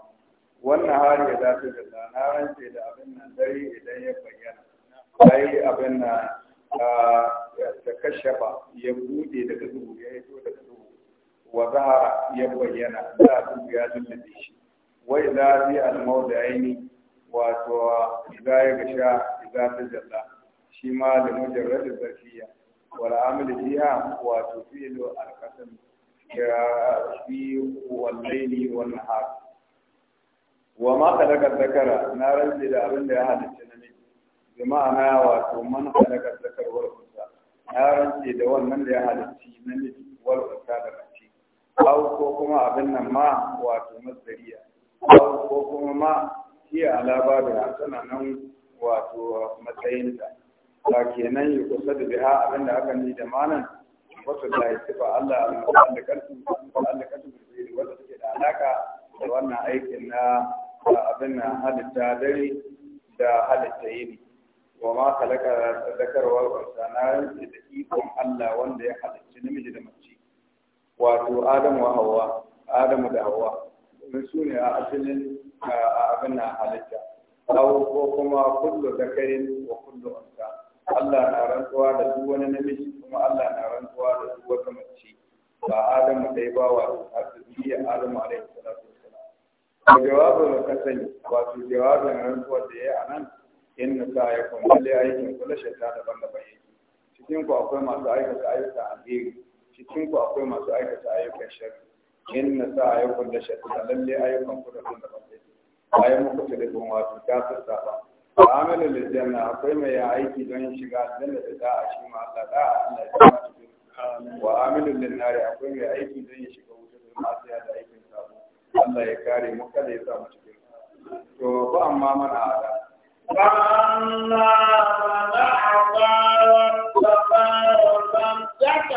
wannan hari ya dace da ta na rantse da abin nan dare idan ya bayyana sai abin na ah, kashafa ya bude daga duhu ya yi daga duhu wa zahara ya bayyana da duhu ya lullube shi a idza almau da aini? wato za ya gasha za ta jalla shi ma da mujarrad zarfiya wal amil fiha wato fi'lu al qasam ya fi wal layli wal nahar wa ma khalaqa dhakara na rantsi da abin da ya na ne bi ma'ana wato man khalaqa dhakara wal ya rantse da wannan da ya na nufi wal unta da mace aw ko kuma abin nan ma wato masdariya aw ko kuma ma shi alaba da tana nan wato matsayinta ba kenan ya kusa da biha abin da aka ni da manan wato da ya sifa Allah al-Qur'an da kansu Allah kansu da wanda suke da alaka da wannan aikin na abin nan halitta dare da halitta yini wa ma khalaqa dhakarwa wa unsa na rantsi da ikon Allah wanda ya halicci namiji da mace wato Adam wa Hawwa Adam da Hawwa domin su ne a asalin abin na halitta aw ko kuma kullu dhakarin wa kullu unsa Allah na rantsuwa da duk wani namiji kuma Allah na rantsuwa da duk wata mace ba Adam dai ba wa asaliya Adam alaihi salatu wassalam jawabin kasani wato jawabin rantsuwa da ya anan in na sa ya kuma lalle aikin kula shaita daban daban yake cikin ku akwai masu aikata ayyuka alheri cikin ku akwai masu aikata ayyukan sharri in na sa ya kuma shaita lalle ayyukan ku daban daban yake ayi muku tilibin wato ta sassa ba amalin aljanna akwai mai aiki don shiga aljanna da za a shi ma Allah da Allah ya kuma cikin wa amalin linnari akwai mai aiki don ya shiga wajen da masu yada aikin sabo Allah ya kare mu kada ya sa mu cikin to ba amma mana ada فأما من أعطى واتقى واستمسك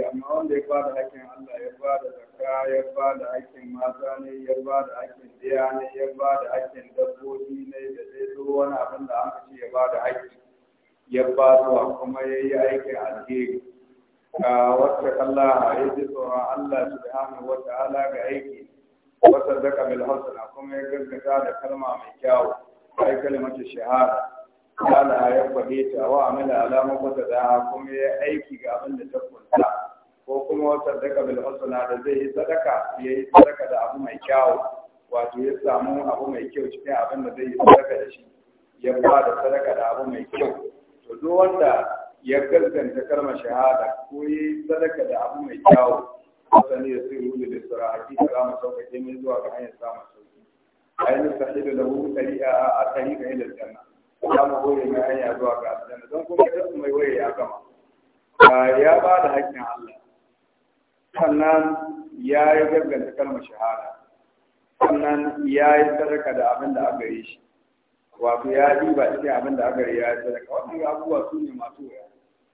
amma wanda ya bada haƙƙin Allah ya bada zakka ya haƙƙin mata ne ya haƙƙin ɗaya ne ya haƙƙin dabbobi ne da dai duk wani abin da ya ba zuwa kuma ya yi aikin alheri wata kalla a yi tsoron Allah su da wata ala ga aiki wata zaka mil hasana kuma ya gaggata da kalma mai kyau ai kalmace shahara kala ya fahimta wa amila alama wata da kuma ya aiki ga abin da ta kunta ko kuma wata zaka mil hasana da zai yi sadaka ya yi sadaka da abu mai kyau wato ya samu abu mai kyau cikin abin da zai yi sadaka da shi ya bada da sadaka da abu mai kyau to duk wanda ya gaskanta kalmar shahada ko yi sadaka da abu mai kyawu sani ya sai hudu da sura hakika za mu sauƙaƙe mai zuwa ga hanyar samun sauki. a yi sahi da lahu tari'a a tari'a ila janna ya mu goye mai hanya zuwa ga aljanna don kuma ya kasu mai waye ya gama ya ba da haƙƙin Allah sannan ya yi gaskanta kalmar shahada sannan ya yi sadaka da abin da aka yi shi wato ya diba cikin abin da aka yi ya yi sadaka waɗanda abubuwa su ne masu wuya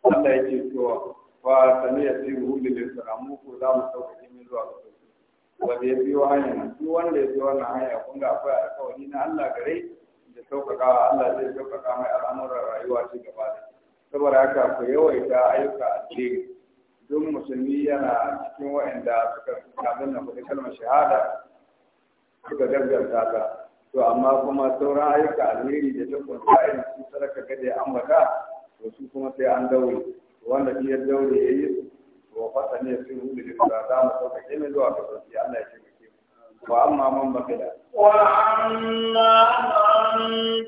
Allah ya ce cewa fa sami ya fi hudu da salamu ko za mu sauƙaƙe min zuwa ga sauƙi wanda ya wa hanya na su wanda ya biyo wannan hanya kun ga akwai alƙawari na Allah gare da sauƙaƙawa Allah zai sauƙaƙa mai al'amuran rayuwa ce gaba da saboda haka ku yawaita ayyuka alheri duk musulmi yana cikin wayanda suka kamin na kuɗi kalmar shahada suka gaggauta ta to amma kuma sauran ayyuka alheri da dukkan sa'irin su sadaka gade ta. wasu kuma sai an daure wanda shi ya daure ya yi su wa fata ne sun hudu da kura za mu sauka ke mai zuwa ga sauki Allah ya ce mu ke wa amma man bakila wa amma man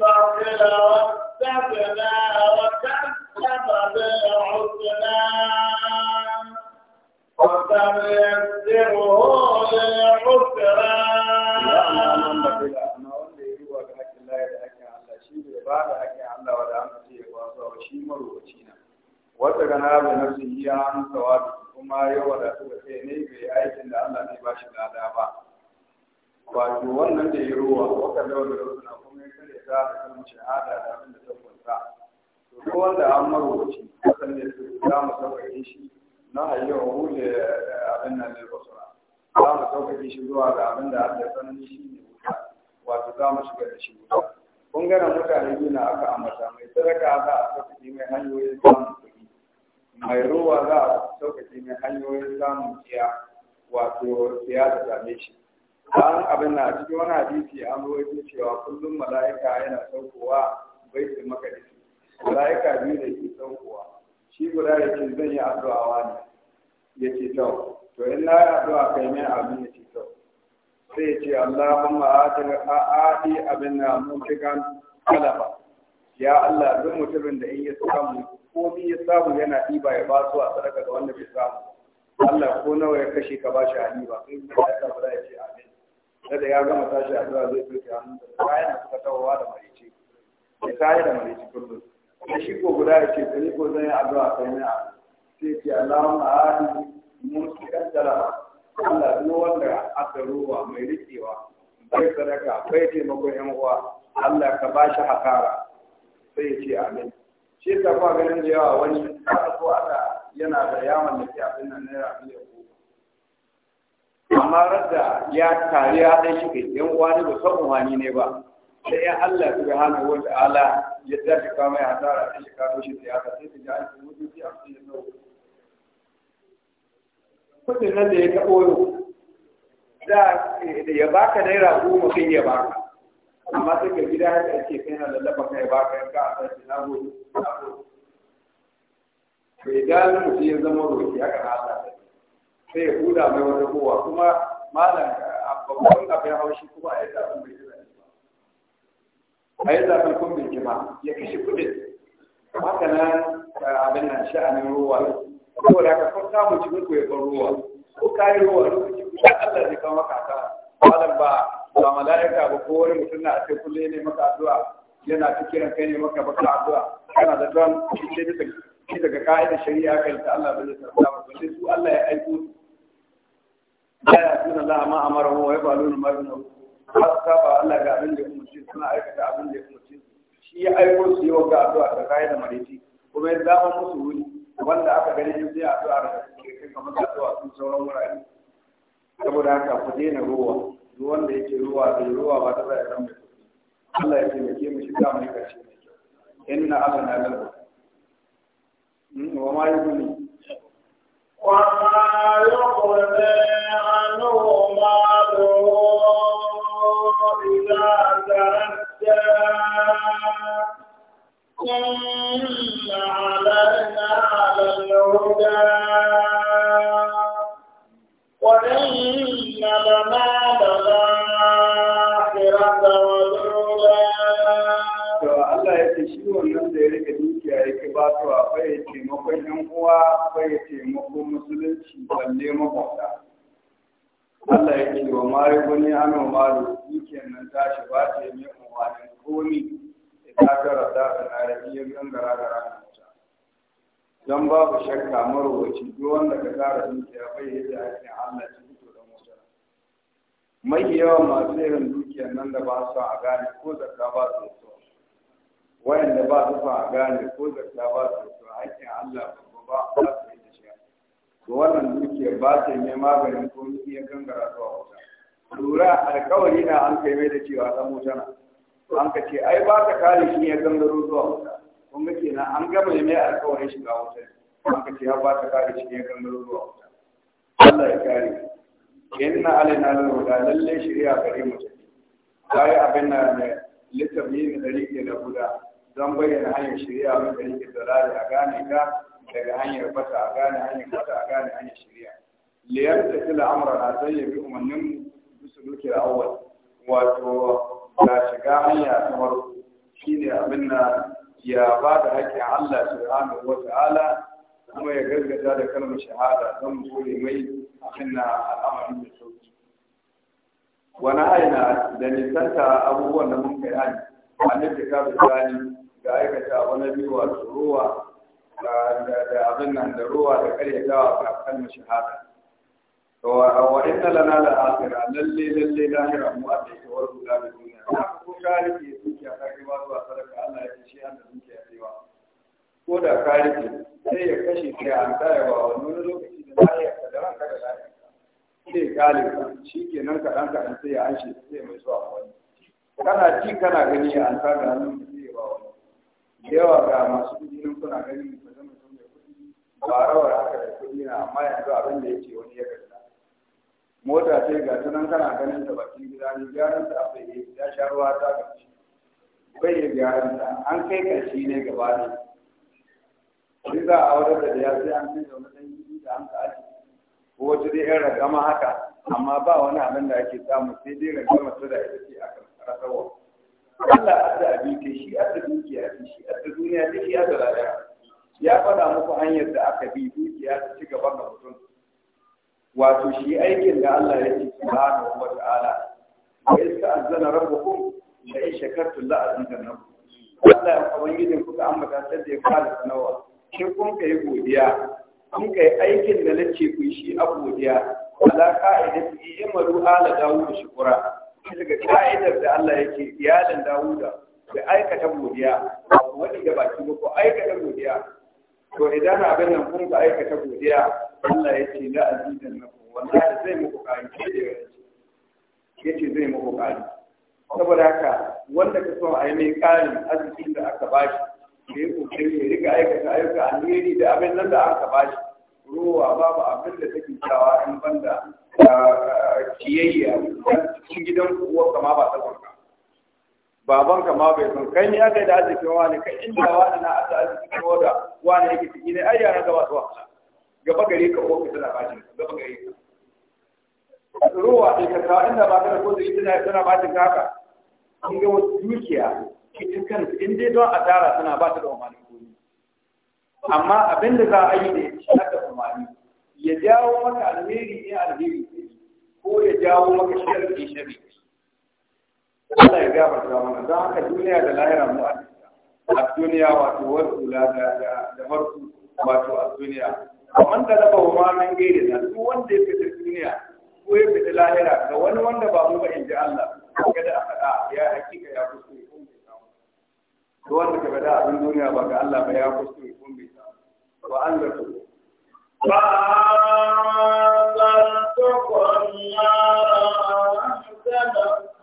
bakila wastabna wa kazzaba bil husna وسنيسره للعسرى لا ما من بخل أما وأن يروى بحق الله بحق الله شيء بعد حق الله ولا أنت shi marobaci na wata gana bai na su yi da sawa kuma ya wadatu da kai ne bai aikin da Allah ne ba shi lada ba wato wannan da ya ruwa wata daura da na kuma ya kare ta da kan shahada da abin da ta kwanta. to ko wanda an marobaci wasan ne su za mu sauƙaƙe shi na hayyar hule abin nan ne basura za mu sauƙaƙe shi zuwa ga abin da Allah ya sanar shi ne wuta wato za mu shiga da shi wuta bangaren mutane biyu na aka ambata mai sadaka za a sauƙaƙe mai hanyoyin samun kuɗi mai ruwa za a sauƙaƙe mai hanyoyin samun tsiya wato tsiya da same shi an abin na cikin wani hadisi an rawaito cewa kullum mala'ika yana saukowa bai baitul maqdis mala'ika biyu da ke saukowa shi guda da ke zan yi addu'a wani ya to to in na yi addu'a kai mai abin yace sai ce Allahumma atir aadi abin na mutikan kalaba ya Allah duk mutumin da in ya samu ko bi ya samu yana ɗiba ya ba a sadaka ga wanda bai samu Allah ko nawa ya kashe ka ba shi haniba in ka ya samu da ya ce amin da ya gama tashi addu'a zai fice hannun da kayan suka tawowa da marice ya tayi da marice kullum da shi ko guda ya ce ni ko zan yi addu'a sai na sai ce Allahumma aadi mutikan kalaba Allah duk wanda aka ruwa mai rikewa bai sadaka bai taimakon yan uwa Allah ka ba shi hakara sai ya ce amin shi ta fa ganin da yawa wani aka ko aka yana da yawan da ke abin nan naira miliyan ko amma radda ya tare ya dai shi yan uwa ne ba sabon wani ne ba sai ya Allah wata ala ya tafi kama ya tara sai shi kawo shi siyasa sai ta ji an mutunci a cikin nau'i kudin nan da ya ka ɓoyo da ya baka naira goma kai ya baka amma sai ka gida haka ake kai na lallaba kai baka ya ka a san na gode to idan mutum ya zama roki aka na ta. sai ya huda mai wata kowa kuma malam babban abin haushi kuma a yi zafin bai jira a yi zafin kun jima ya kashe kudin haka nan abin nan sha'anin ruwa saboda ka kun samu cikin ku ya ban ruwa ko kayi ruwa lokaci kusa Allah zai kawo maka ta malam ba ba mala'ika ba ko wani mutum na sai kullum ne maka addu'a yana ta kiran kai ne maka baka addu'a kana da don shi bisa shi daga ka'ida shari'a kai ta Allah bai sarfa ba sai su Allah ya aiko la ya tuna Allah ma amara wa ya baluna marna har saba Allah ga abin da ya umarci suna aikata abin da ya umarci shi ya aiko su yi wa addu'a da kai da mariti kuma ya zama musu wuri wanda aka gani sun sai addu'a da suke kai kamar zuwa sun sauran wurare saboda haka ku daina ruwa ruwan da yake ruwa da ruwa ba ta zai ran mai Allah ya taimake mu shi ta mai karshe mai kyau inna alana lahu hmm, wa ma yughni wa ma yughni anhu ma lahu idza tarajja ثم علينا للهدى وإن لنا للآخرة والأولى Allah ya ce shi wannan da ya rike dukiya ya ki ba su taimakon ‘yan uwa taimakon mari ana malu tashi ba ta yi ta gara da na nare iya gangara gara na wuta don babu shakka marowaci duk wanda ka gara dukiya bai yi da hakkin Allah ci fito da wuta mai yawan masu irin dukiya nan da ba su a gane ko zakka ba su so wayanda ba su a gane ko zakka ba su so hakkin Allah ba ba su yi da shi to wannan dukiyar ba ta yi maganin komai iya gangara zuwa wuta lura alkawari na an kai mai da cewa dan wuta na an ka ce ai ba ta kare shi ya gangaro zuwa wuta kun ga kenan an gama ne mai alkawarin shiga wuta an ka ce ya ba ta kare shi ya gangaro zuwa wuta Allah ya kare inna alaina lura lalle shirya gare mu Ta kai abin na ne litamin ne da guda zan bayyana hanyar da rike da dalali a gane ka daga hanyar fata a gane hanyar fata a gane hanyar shirya liyar ta kila amra na zai umannin umarnin duke da awwal wato ga shiga hanya ta farko ne abin na ya ba da haƙƙin Allah hannu wata ala kuma ya gargada da kalmar shahada don mu mai abin na al'amarin da sauki wani aina da nisanta abubuwan da mun kai hani an da ka bi gani ga aikata wani biyu da ruwa da abin nan da ruwa da karyatawa ga kalmar shahada wa inna lana la akhira lalle lalle lahira mu a da ita warku da bi duniya na ko ke rike dukiya ka riba zuwa sadaka Allah ya ce an da dukiya cewa ko da ka rike sai ya kashe kai an tsaya wa wani lokaci da lahira ka da ranka da lahira sai kale ka shikenan ka dan ka sai ya anshe sai mai zuwa wani kana ci kana gani an sa ga hannun da zai ba wani da yawa ga masu kudi nan kuna gani ba zama sun da kudi ba rawar haka da kudi na amma yanzu abin da yake wani ya kashe. mota ce ga ta nan kana ganin da bakin gida ne gyaran ta bai yi ya sha ruwa ta kaci bai yi gyaran ta an kai kashi ne gaba ne shi za a aurar da ya sai an kai da wani ɗan da an ka ake ko wata dai yan ragama haka amma ba wani abin da ake samu sai dai ragama ta da ita ce a karkara sawa Allah a da abin kai shi a da dukiya shi a da duniya shi ya da lafiya ya faɗa muku hanyar da aka bi dukiya ta ci gaba ga mutum wato shi aikin da Allah ya ce subhanahu wa ta'ala wa ista'zana rabbukum la in shakartum la azidannakum Allah ya kaman gidan kuka ambata sai da ya fara sanawa shin kun kai godiya kun kai aikin da nace ku shi a godiya ala qa'idati imaru ala dawud shukura daga ka'idar da Allah yake iyalin dawuda da aikata godiya wani da baki ko aikata godiya to idan abin nan kun ka aikata godiya Allah ya ce na azidan nakum wallahi zai muku kari ke da yawanci zai muku kari saboda haka wanda ka so a yi mai karin arzikin da aka bashi ke ku kokari ya rika aikata ayyuka alheri da abin nan da aka bashi ruwa babu abin da take cewa in banda ah, ah, kiyayya cikin gidan uwa kama ba ta baban ka ma bai san kai ne aka yi da arzikin wani kai inda wani na ko arzikin wada wani yake ciki ne ai yaran gaba su gaba gare ka ko ka tana bacin gaba gare ka ruwa ne ka kawo inda ba ka da ko zai tana tana bacin haka an ga wata dukiya cikin kansu in dai don a tara tana ba ta da umarni komi amma abin da za a yi da ya ci da umarni ya jawo maka alheri ne alheri ko ya jawo maka sharri sharri Allah ya gafarta mana don haka duniya da lahira mu a a duniya wato wasu da da wasu wato a duniya kamar da laba wa mamin gaire da duk wanda ya fita duniya ko ya fita lahira ga wani wanda ba mu ba inji Allah ga da aka ya hakika ya kuskure kuma bai samu to wanda ka bada abin duniya ba ga Allah ba ya kuskure kuma bai samu wa Allah to ba zan to kun na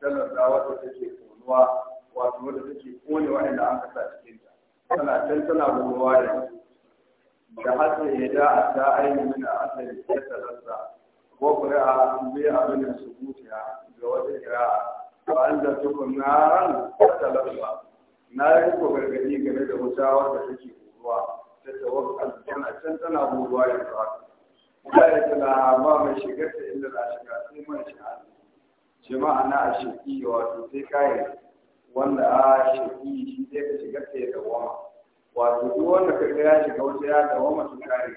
ta wata take konuwa wato wadda take kone da an sa cikin ta tana can tana gonowa da su da hatsa ya da a ta ainihin min asali ta talauta ko a bi abin su mutiya ga wata kira ba an da tukun naran ta talauta na yi ko gargadi game da wuta wadda take konuwa ta tawakkal tana can tana gonowa yanzu haka. Allah ya tana ba mai shigar ta inda za shiga sai mai shiga shi ma'ana a shaƙi wato sai kayan wanda a shaƙi shi sai ka shiga sai da dawama wato duk wanda ka ga ya shiga wata ya dawama su kare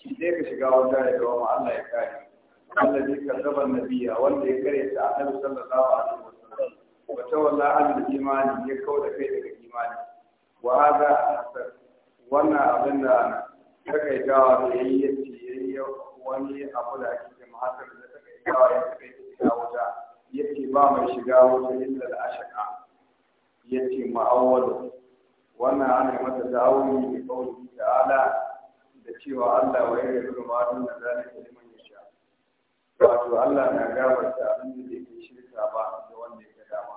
shi sai ka shiga wata ya dawama Allah ya kare Allah zai kazzaba nabiya wanda ya kare ta annabi sallallahu alaihi wasallam wa tawalla an imani ya kauda kai daga imani wa hada wannan abin da takaitawa da yayi yace yayi wani abu da ake cewa hasar da takaitawa ya takaita wata yake ba mai shiga wata inda da ashaka yake ma'awwal wannan ana mata da'awi ne kawai ta'ala da cewa Allah wa yare zuru ma dun da zalika ya sha wato Allah na gabata abin da kai shirka ba da wanda ya dama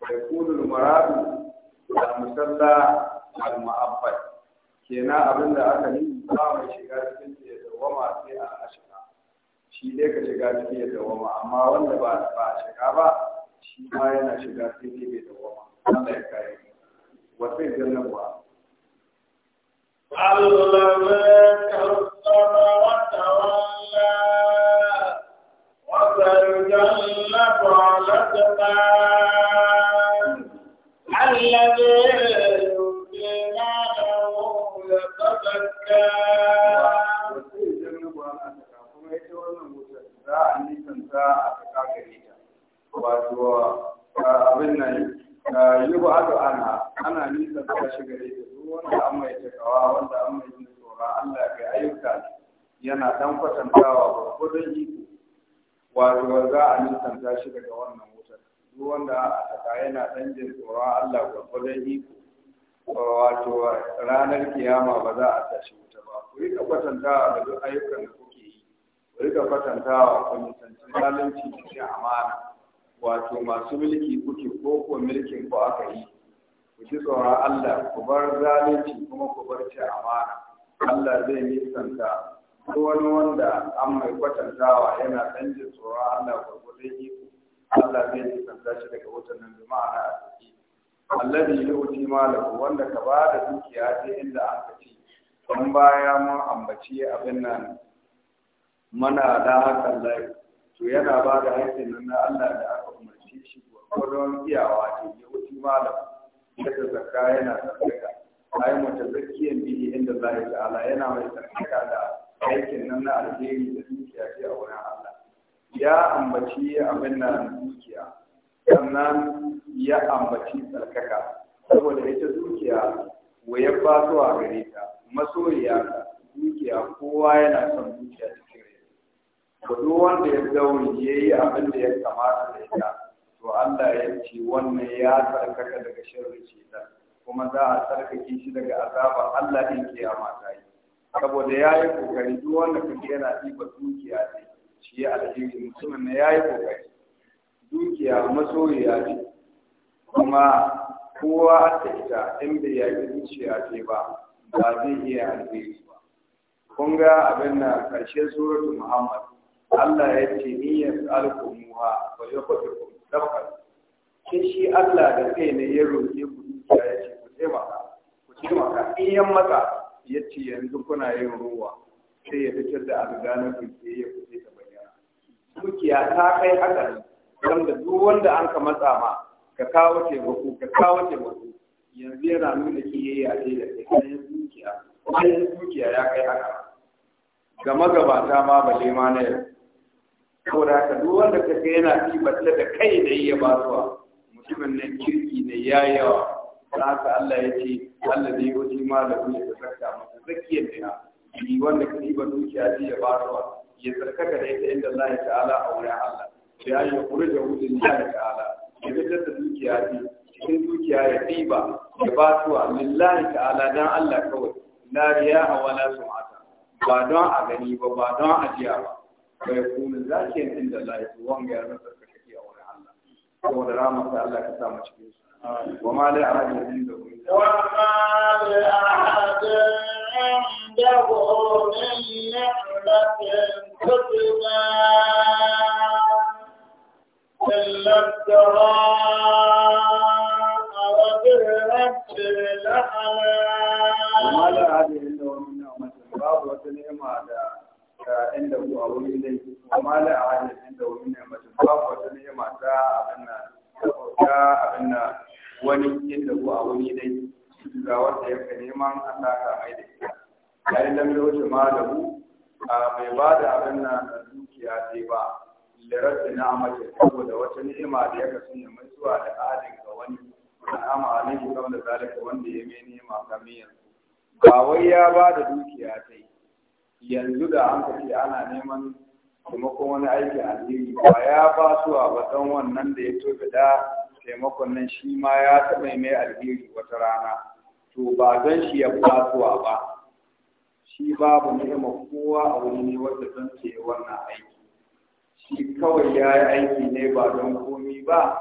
da yakunu maradu Da musalla al ma'abbad kenan abin da aka yi ba mai shiga cikin ya dawama sai a ashe shi dai ka shiga ciki ya dawama amma wanda ba a shiga ba shi ma yana shiga ciki bai dawama Allah ya kare wasu jannabwa Allah ya وسيجنب على Musa a saka gare ta wato abin nan yi ba aka ana ana nisa ta shi gare ta duk wanda an mai takawa wanda an mai yin tsoron Allah ga ayyuka yana dan kwatantawa gurgurdan iko wato za a nisanta shi daga wannan wutar duk wanda a saka yana dan jin tsoron Allah gurgurdan iko wato ranar kiyama ba za a tashi wuta ba ku rika kwatantawa da duk ayyukan da kuka rika kwatantawa ku nisanci zalunci cikin amana wato masu mulki kuke ko ko mulkin ko aka yi ku ji tsoron Allah ku bar zalunci kuma ku bar ci amana Allah zai nisanta ko wani wanda an mai kwatantawa yana ɗan jin tsoron Allah gwargwadon yi. Allah zai nisanta shi daga wutan nan bi ma'ana a ya yi yu'ti malahu wanda ka ba da dukiya ta inda aka ce kuma baya mun ambaci abin nan mana da hakan to yana ba da haƙƙin nan na Allah da aka umarci shi don iyawa ce ya wuce malam da zakka yana tsarkaka ai mata zakiyan bihi inda zai ta'ala yana mai tsarkaka da aikin nan na alheri da dukiya ce a wurin Allah ya ambaci abin nan dukiya sannan ya ambaci tsarkaka saboda ita dukiya wayar ba zuwa gare ta masoyiya dukiya kowa yana son dukiya ko duk wanda ya gauri ya yi abin da ya kamata da ita to Allah ya ce wannan ya tsarkaka daga shirin shedan kuma za a tsarkake shi daga azaba Allah din a mata yi saboda ya yi kokari duk wanda kake yana ɗiba dukiya ne shi ya alheri mutumin ya yi kokari dukiya masoyiya ce kuma kowa ta ita in bai yaƙi zuciya ce ba ba zai iya alheri ba kun ga abin na ƙarshen suratu muhammad Allah ya ce ni ya tsalku muha wa ya kwafi ku dafa ke shi Allah da kai ne ya roƙe ku dukiya ya ce ku taimaka ku taimaka in yan mata ya ce yanzu kuna yin ruwa sai ya fitar da algana ku ke ya fice ta bayyana dukiya ta kai haka ne da duk wanda an ka matsa ma ka kawo taimako ka kawo taimako yanzu yana nuna kiyayya ne da kai dukiya kai dukiya ya kai haka Gama magabata ma bale ma na yau saboda haka duk wanda ka ga yana ci balle da kai da ya ba zuwa mutumin nan kirki ne ya yawa da haka Allah ya ce Allah ne yi ma da kuma ya tsarka masa zakiyar da ni wanda ka ba dukiya ce ya ba zuwa ya tsarkaka da ita inda Allah ta'ala a wurin Allah ya yi kuri da hudun Allah ta'ala ya fitar da dukiya ce cikin dukiya ya ɗiba ya ba zuwa lillahi ta'ala don Allah kawai la riya wala sum'ata ba don a gani ba ba don a jiya ba ya kuma za ki yin inda Allah ya tuwon ga yaran sarka kake a wani Allah saboda ramar da Allah ka samu cikin su wa ma la ahadin inda hum wa ma la ahadin inda hum min ni'matin kutiba illa tara wa ma la ahadin inda hum min ni'matin babu wata ni'ima da inda ku a wuri ne amma la a hajji inda wuri ne mace ba ku wata ni'ima ta abin nan ta abin nan wani inda ku a wuri ne ga wanda ya ka neman a saka mai da ita yayin da wuce ma da ku bai ba da abin nan dukiya ce ba lirarsa na mace saboda wata ni'ima da ya kasu ne mai zuwa da adin ga wani al'ama alaihi kawai da zalika wanda ya mai ni'ima kamiyar ba wai ya ba da dukiya ta yanzu da an kace ana neman taimakon wani aiki alheri ba ya ba su a wannan da ya tobe da taimakon nan shi ma ya taɓa mai alheri wata rana to ba zan shi ya ba su ba shi babu ma kowa a wani ne wanda zan ce wannan aiki shi kawai ya yi aiki ne ba don komi ba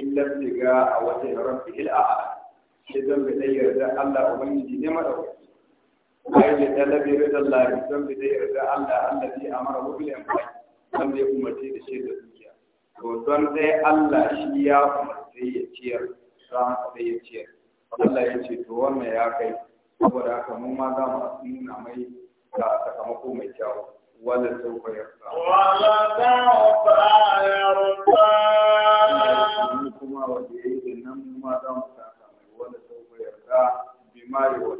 illa siga a wata rabbi a'a sai zan bi yarda Allah ubangiji ne madaukaki ai da talabi da lahi don bi dai yarda Allah annabi amara hu bil infaq don bi umarci da shi da dukiya to don sai Allah shi ya umarci ya ciyar don haka dai ya ciyar Allah ya ce to wannan ya kai saboda haka mun ma za mu nuna mai da sakamako mai kyau wala sau ka yarda wala sau ka yarda kuma wanda ya yi da nan mu ma za mu saka mai wala sau ka yarda bi ma yi wa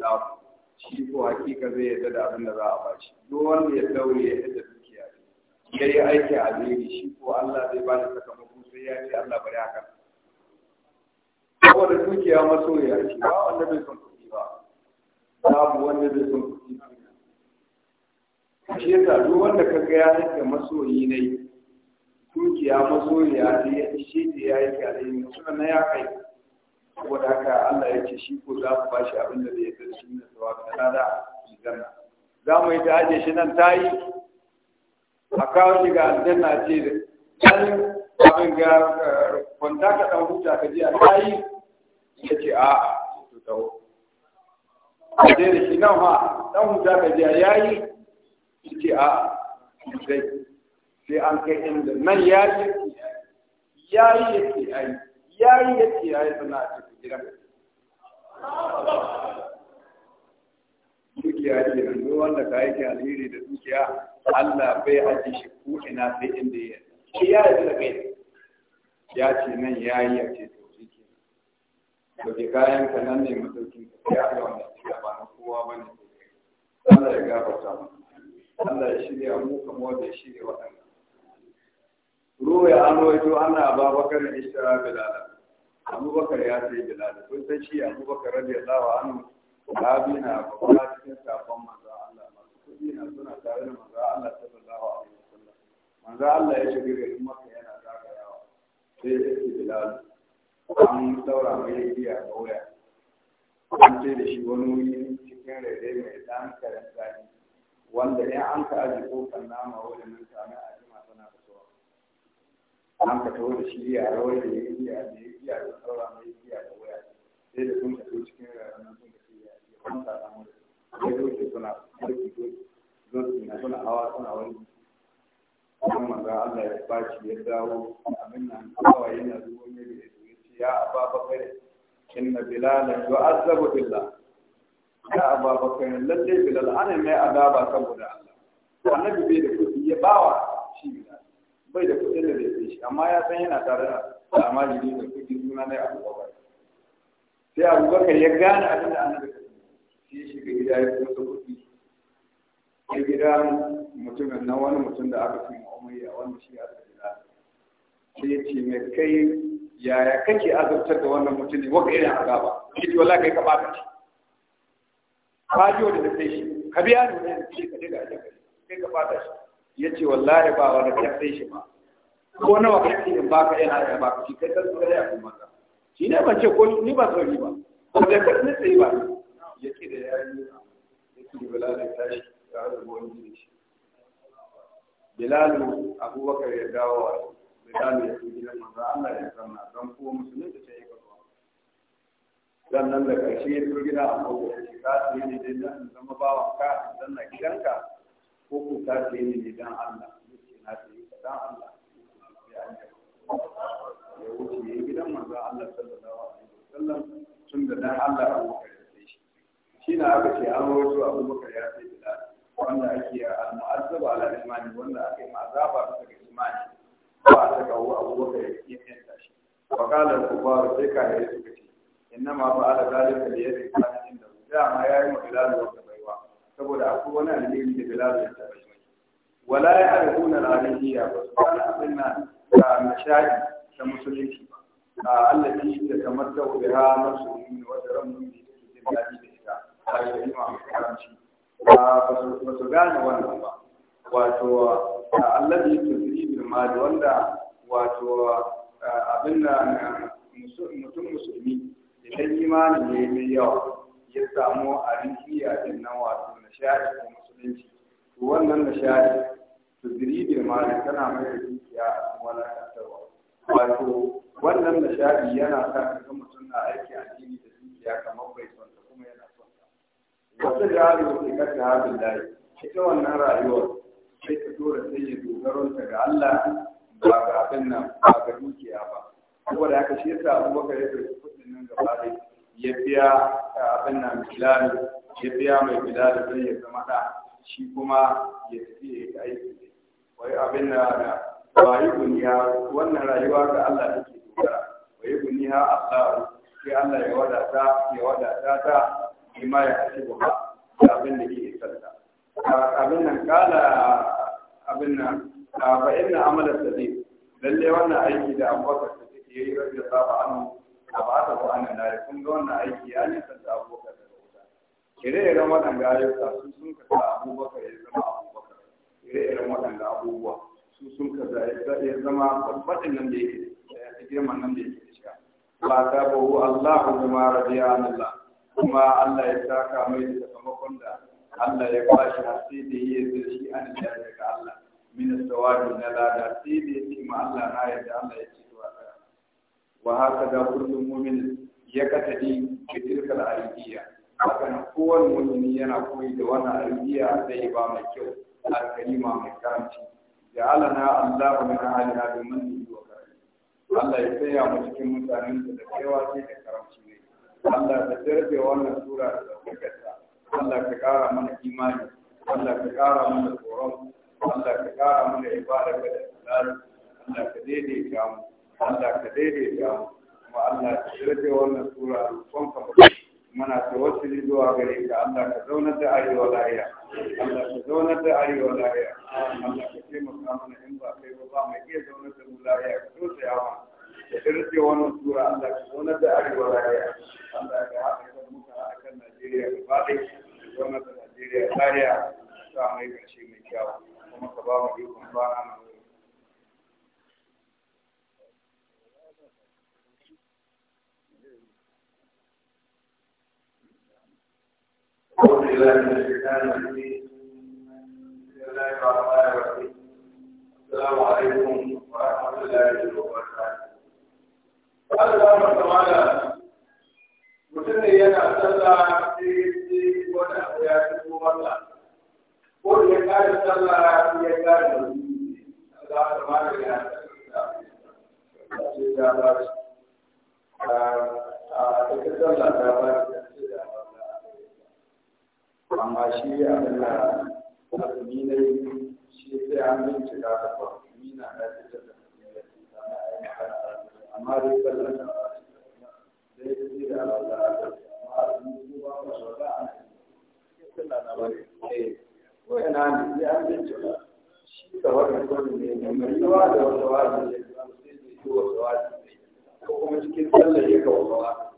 shi ko hakika zai yarda da abin da za a bashi duk wanda ya daure ya da dukiya ya yi aiki a alheri shi ko Allah zai ba da sakamako sai ya ce Allah bari haka saboda dukiya masoya ce ba wanda bai son kuɗi ba babu wanda bai son kuɗi shi yasa duk wanda ka ga ya nake masoyi ne dukiya masoyiya ce ya ishe ya yi alheri mutum na ya kai saboda haka Allah ya ce shi ko za mu bashi abin da zai yi shi ne sawa da lada aljanna za mu yi ta ajiye shi nan ta yi a kawo shi ga aljanna ce da kan abin ga eh, kwanta ka ɗan huta ka je a ta yi ya ce a to tawo a je da shi nan ha ɗan huta ka je a yayi ya ce a zai sai an kai inda nan yayi ya yi ya ce a yi ya yi ya ce ya yi suna dukiya ce nan duk wanda ka yake alheri da dukiya Allah bai aji shi ko ina sai inda ya shi ya yi da kai ya ce nan ya yi ya ce to shi ke to ke kayan ka nan ne masaukin ka ya ga wanda ke ba na kowa ba ne Allah ya gafarta mu Allah ya shirya mu kamar da ya shirya waɗanda ruwa ya an waito ana babakar ishtara bilal abubakar ya sai bilal kun san shi abubakar radiyallahu anhu sahabi na babba cikin safon manzo Allah masu kudi na suna tare da manzo Allah ta a alaihi wasallam manzo Allah ya shiga garin maka yana zagayawa sai ya sai bilal an saura mai biya ga waya an ce da shi wani wuri cikin rere mai dan karanta wanda ya an ka aji kofar nama wajen nan sami a an ka taho da shi a rawar da ya iya da ya iya da saura mai iya da waya sai da sun tafi cikin ranar sun tafi ya ya kwanta da mu sai dole suna ko dole don suna suna hawa suna wani kuma maza Allah ya baci ya dawo abin nan kawai yana zuwa ne da ya ce ya aba bakare inna bilalan yu'azzabu billah ya aba bakare lalle bilal ana mai Adaba, saboda Allah annabi bai da kudi ya bawa shi bilal bai da kudin da zai shi amma ya san yana tare da amali ne da kuɗi suna na ba. sai abubakar ya gane abin da annabi ka sai shi ga gida ya kuma sa kudi ya gida mutumin na wani mutum da aka fi a wani shi ya sa gida sai ya ce mai kai yaya kake azabtar da wannan mutum ne waka irin azaba shi ce wala kai ka ba ka ci ka ji wanda da kai shi ka biya ni ne ka je ga ajiyar kai ka ba shi ya ce wallahi ba wani kafin shi ba ko nawa kake in baka yana da baka shi kai kasu da ya kuma ka shi ne ba ce ko ni ba sauri ba ko da kasu ne sai ba ya ce da ya yi ya ce bilal ya shi, ya zama wani shi bilalu abubakar ya dawo wa bilalu ya fi gidan manzo Allah ya na don ko musulunci ta yi Dan nan da karshe ya fi gida a ko ya ce ka ne yi ne dai zama bawan ka zanna gidanka ko ku ta ce ni ne dan Allah ce na ce ka dan Allah ya wuce ya yi gidan manzo Allah sallallahu alaihi wasallam tun da dan Allah Abu Bakar ya sai shi shi na aka ce an rawaito Abu Bakar ya sai Bilal wanda ake al-mu'azzaba ala imani wanda aka yi ma'azaba bisa ga imani ba ta kawo Abu Bakar ya ta shi wa qala al-kubar sai ka yi suka ce inna ma fa'ala zalika li yadda kana inda da ma yayi mu Bilal wa saboda akwai wani alheri da bilal ya taɓa shi wala ya arifuna al-alihiyya ba su kana abin na da nishadi da musulunci ba a allafi da kamar da ubiha musulmi ne wata ran mummi da ke jin daɗi da ita a yi ma karanci ba su gane wannan ba wato ta fi bil mali wanda wato abin da mutum musulmi idan imani ne mai yawa ya samu a rikiya din nan wato nishadi ko musulunci to wannan nishadi to ziridin mali tana mai da dukiya a cikin wannan wato wannan na nishadi yana sa ka ga mutum na aiki a jini da dukiya kamar bai son ta kuma yana son ta wata jihar ke kasa habin layi ita wannan rayuwar sai ta dora sai ya dogaro ta ga Allah ba ga abin nan ba ga dukiya ba saboda haka shi yasa abubakar ya ɗauki kuɗin nan gaba ɗaya ya biya ah, abin nan bilal ya biya mai bilal don ya zama da shi kuma ya tafi ya yi aiki wai abin na da ba yi guniya wannan rayuwa ga Allah take dogara wa yi guniya Allah sai Allah ya wadata ya wadata ta bima ya ci gaba da abin da ke sarta abin nan kala abin nan fa inna amala sadiq lalle wannan aiki da Abubakar take yi rabbi saba anhu a ba ta ko an nan kun ga wannan aiki ya ne san ta abubakar daga wuta ire-iren waɗanda ayyuka su sun ka sa abubakar ya zama abubakar ire-iren waɗanda abubuwa su sun ka ya zama babbatin nan da yake da girman nan da yake da shi ba ta bahu Allah kuma radiya Allah kuma Allah ya saka mai da sakamakon da Allah ya a sai da yi yadda shi an da daga Allah min sawabi na lada sai da ya ce ma Allah na yadda Allah ya ce wa haka da kullum mumin ya katadi da tilkar alƙiya hakan kowane mumini yana koyi da wannan alƙiya zai ba mai kyau alkalima mai karanci da allah allah ya tsaya mu cikin mutanen da kaiwa ce da karamci ne Allah ka tarbe wannan sura da ɗaukakarta Allah ka ƙara mana imani Allah ka ƙara mana tsoron Allah ka ƙara mana ibada da Allah ka daidaita mu Allah ka daidaita kuma Allah ka shirya wannan sura rufon ka muna tawassuli zuwa gare ka Allah ka zaunar da arewa lahiya Allah ka zaunar da arewa lahiya Allah ka taimaka mana in ba kai ba ba mai iya zaunar da mu lahiya ka tosa yawa ka shirya wannan sura Allah ka zaunar da arewa lahiya Allah ka haɗa kan muka haɗa kan Najeriya gaba ɗaya ka zaunar da Najeriya lahiya ka sa mai ƙarshe mai kyawu kuma ka ba mu ikon bana mu أعوذ بالله من الشيطان الرجيم da amma shi abin da azumi na yi shi sai an bincika da kwanfumi na na fitar da mutum ya fi sana a yi magana amma dai kallon da ba su da ya fi da ba za a zai amma azumi su ba ba su za a yi eh, ko ina ne sai an bincika shi da wani kwanfumi ne mai yawa da wata wata ne sai da yi wata wata ne ko kuma cikin tsallar ya ga wata wata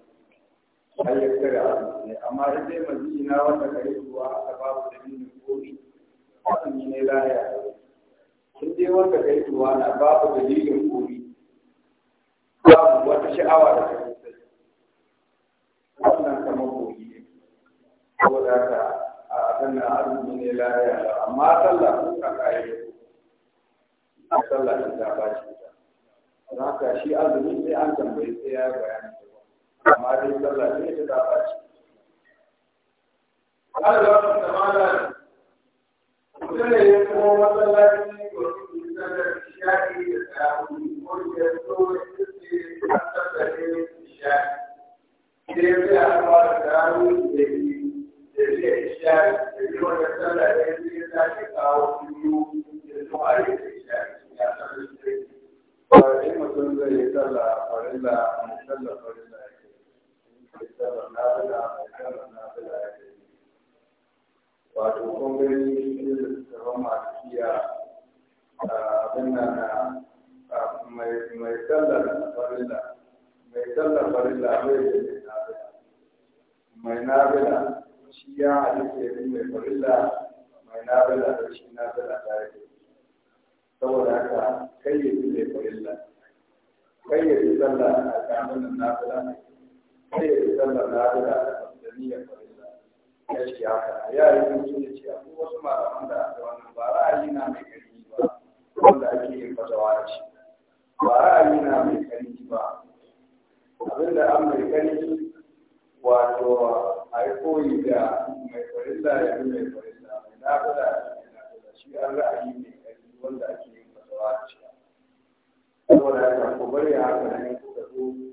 har ya kare amma in dai mazi na wanda ka yi zuwa aka babu dalilin komi azumi ne laya. Sun dai wanda ka yi zuwa na babu da dalilin komi babu wata sha'awa da ka yi wannan kamar kogi ne saboda ka a sannan azumi ne laya? amma sallah ka kayi sallah ta ba shi ta don haka shi azumi sai an tambayi sai ya bayani amma dai sallah ne ta da faci Allah ta mala mutum ne ya kuma masallaci ko da tsawon ko ya so ya tsaye a sallar sha'i sai ya fi a fara da yi da zai sha'i da yi wanda ya fi ya tashi kawo biyu da zuwa ya fi ya ya sallar shi Ba zai mutum zai yi sallah farilla, mai sallah farilla wato kun gani cikin littattafan masu kiya abin nan na mai sallar farilla mai sallar farilla bai da mai nabila mai nabila shi ya halitta mai farilla mai nabila da shi nabila ta yi saboda haka kai ya fi mai farilla kai ya fi sallar a kamunan nabila ne sai ya fi sallar na da da niyyar farilla ya ce haka ya yi mutum ya ce akwai wasu malaman da da wannan ba ra'ayi na mai karfi ba wanda ake yin fatawa da shi ba ra'ayi na mai karfi ba abinda an mai karfi wato a yi koyi da mai farilla ya fi mai farilla mai nafila ya fi mai nafila shi an ra'ayi mai karfi wanda ake yin fatawa da shi saboda haka ku bari haka ne kuka zo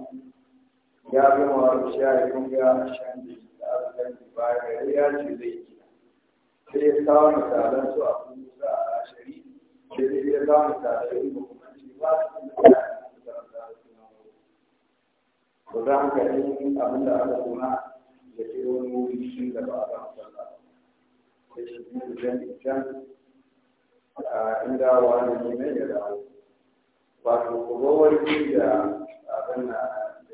ya gama wa ya kun ga a shan da da arziki baya gare ya ce zai yi sai ya kawo misalan su a kusa a shari da zai iya kawo misalan yi hukumanci ba su da ba za ka yi abin da aka kuma da ke wani wuri shi da ba a ba sallah da shi ne da can a inda wani ne ya dawo ba su kuma wani da abin na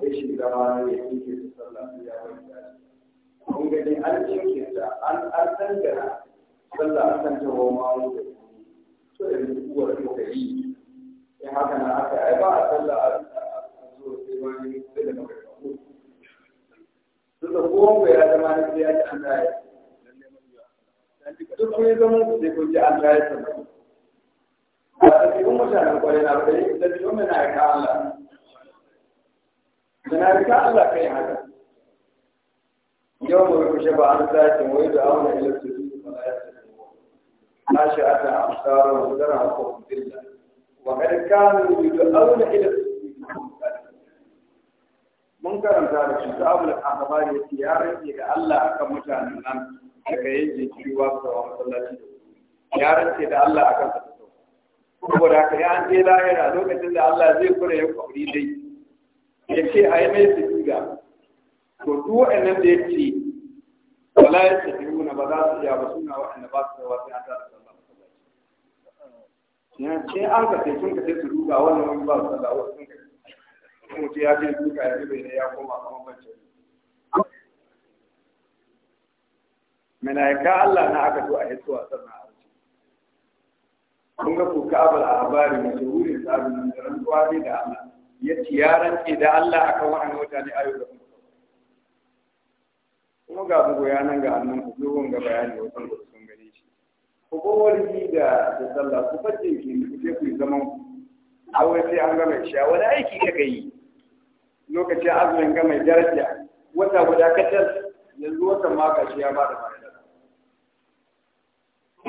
sai shi ya kinke su su ya kun gani an ta an an dangana ta goma da da da yi in haka na aka ba a a sai sai da maka da kowa ya zama ya ci an duk kun yi zama sai kun ji an kwarai na kwarai mai na ya Allah هنالك الله في هذا يوم يكشف عن ذات ويدعى الى السجود فلا ما شاءت امثاله ودرع الخوف بالله وهل كانوا يدعون الى السجود منكر ذلك كتاب الاخبار التي يعرف الى الله كم كان الان كيف يجي في وقت وصلى يعرف الى الله كم كان الان كيف يجي في وقت وصلى الى الله كم كان الان كيف يجي في Yake a yi mai sujuda to duk waɗannan da ya ce wala ya ce duna ba za su iya ba suna waɗanda ba su da wasu ya tara sallah ya ce an ka sai sun ka sai su duka wannan wani ba su sallah wasu sun ka mutu ya ce duka ya bai ne ya koma a kamar ya ka Allah na aka zo a hitsu a sannan a wuce kun ga ku ka ka'abal a habari mashahurin sabin da rantsuwa ne da Allah ya ci ya rantse da Allah akan wa'annan mutane ayo da kuma kuma ga bugu ya nan ga annan ku ga bayani wasan wasu sun gani shi ku ko da da sallah ku fadde ki ku je ku zaman ku a sai an gama sha wani aiki ka yi lokacin azumin gama mai daraja wata guda kacal yanzu watan maka shi ya bada fa'ida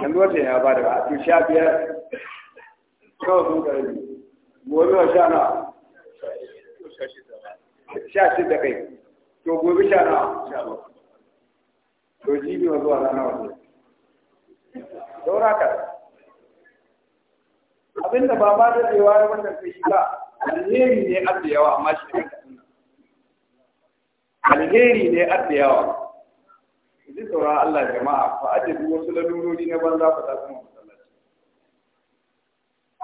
yanzu watan ya bada ba to sha biyar kawai sun karbi gobe wa sha na sha da kai to gobe sha na to jibi wa zuwa rana wata saura ka abinda ba ba da tsewa ya wannan kai shi ba alheri ne a da yawa amma shi ne alheri ne a da yawa ji tsoron Allah jama'a fa ajiye wasu lalurori na banza fa ta kuma masallaci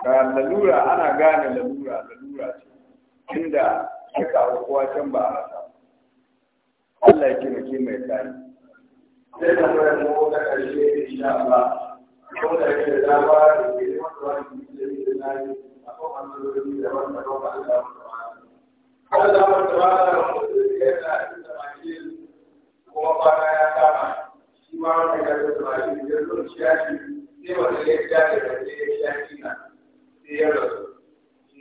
ga lalura ana gane lalura lalura ce inda ya kawo can ba a rasa Allah ya kimaki mai tsari sai da mura mu ko da karshe insha ko da ke da ba da ke da wannan da na yi akwai wannan da wannan da Allah da wa da mu da ya da majil kuma bana ya kama shi ma da ya da majil da zuciya shi sai wanda ya da da ya shi na sai ya rasu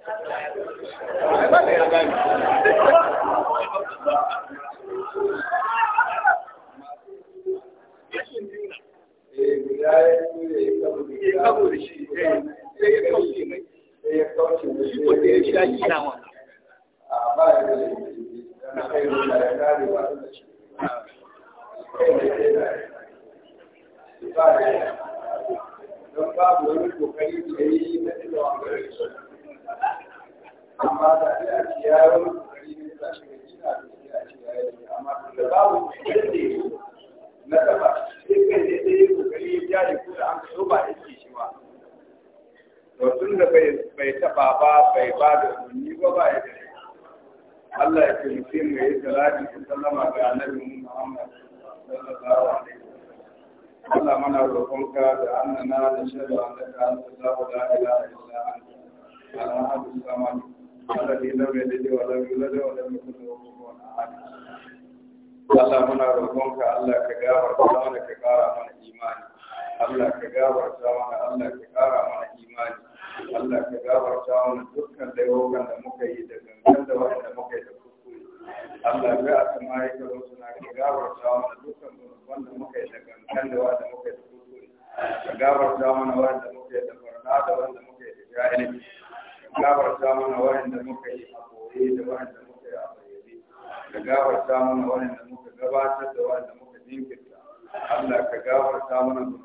don babu amma da ya ce ya yi da shi a ya yi amma babu mai na kai ne kokari ya jari ko da an so ba yake shi ba to tun da bai taba ba bai ba da umarni ba ba ya gare Allah ya taimake mu yayi salati da sallama ga Annabi Muhammad sallallahu alaihi Allah mana roƙonka da annana da shaidu annaka Allah la ilaha illa anta على أحد السماء الذي لم يلد ولم يولد ولم يكن له كفوا أحد Allah muna roƙonka Allah ka gafarta mana ka ƙara mana imani Allah ka gafarta mana Allah ka ƙara mana imani Allah ka gafarta mana dukkan laifukan da muka yi da gangan da wanda muka da Allah ga asma'i ka rusuna ka mana dukkan wanda muka yi da da wanda muka yi da kuskure ka gafarta mana wanda muka yi da barna da wanda muka yi da jahilci gafarta mana waɗanda muka yi a koye da waɗanda muka yi a bayyane ka gafarta mana waɗanda muka gabatar da waɗanda muka jinkirta Allah ka gafarta mana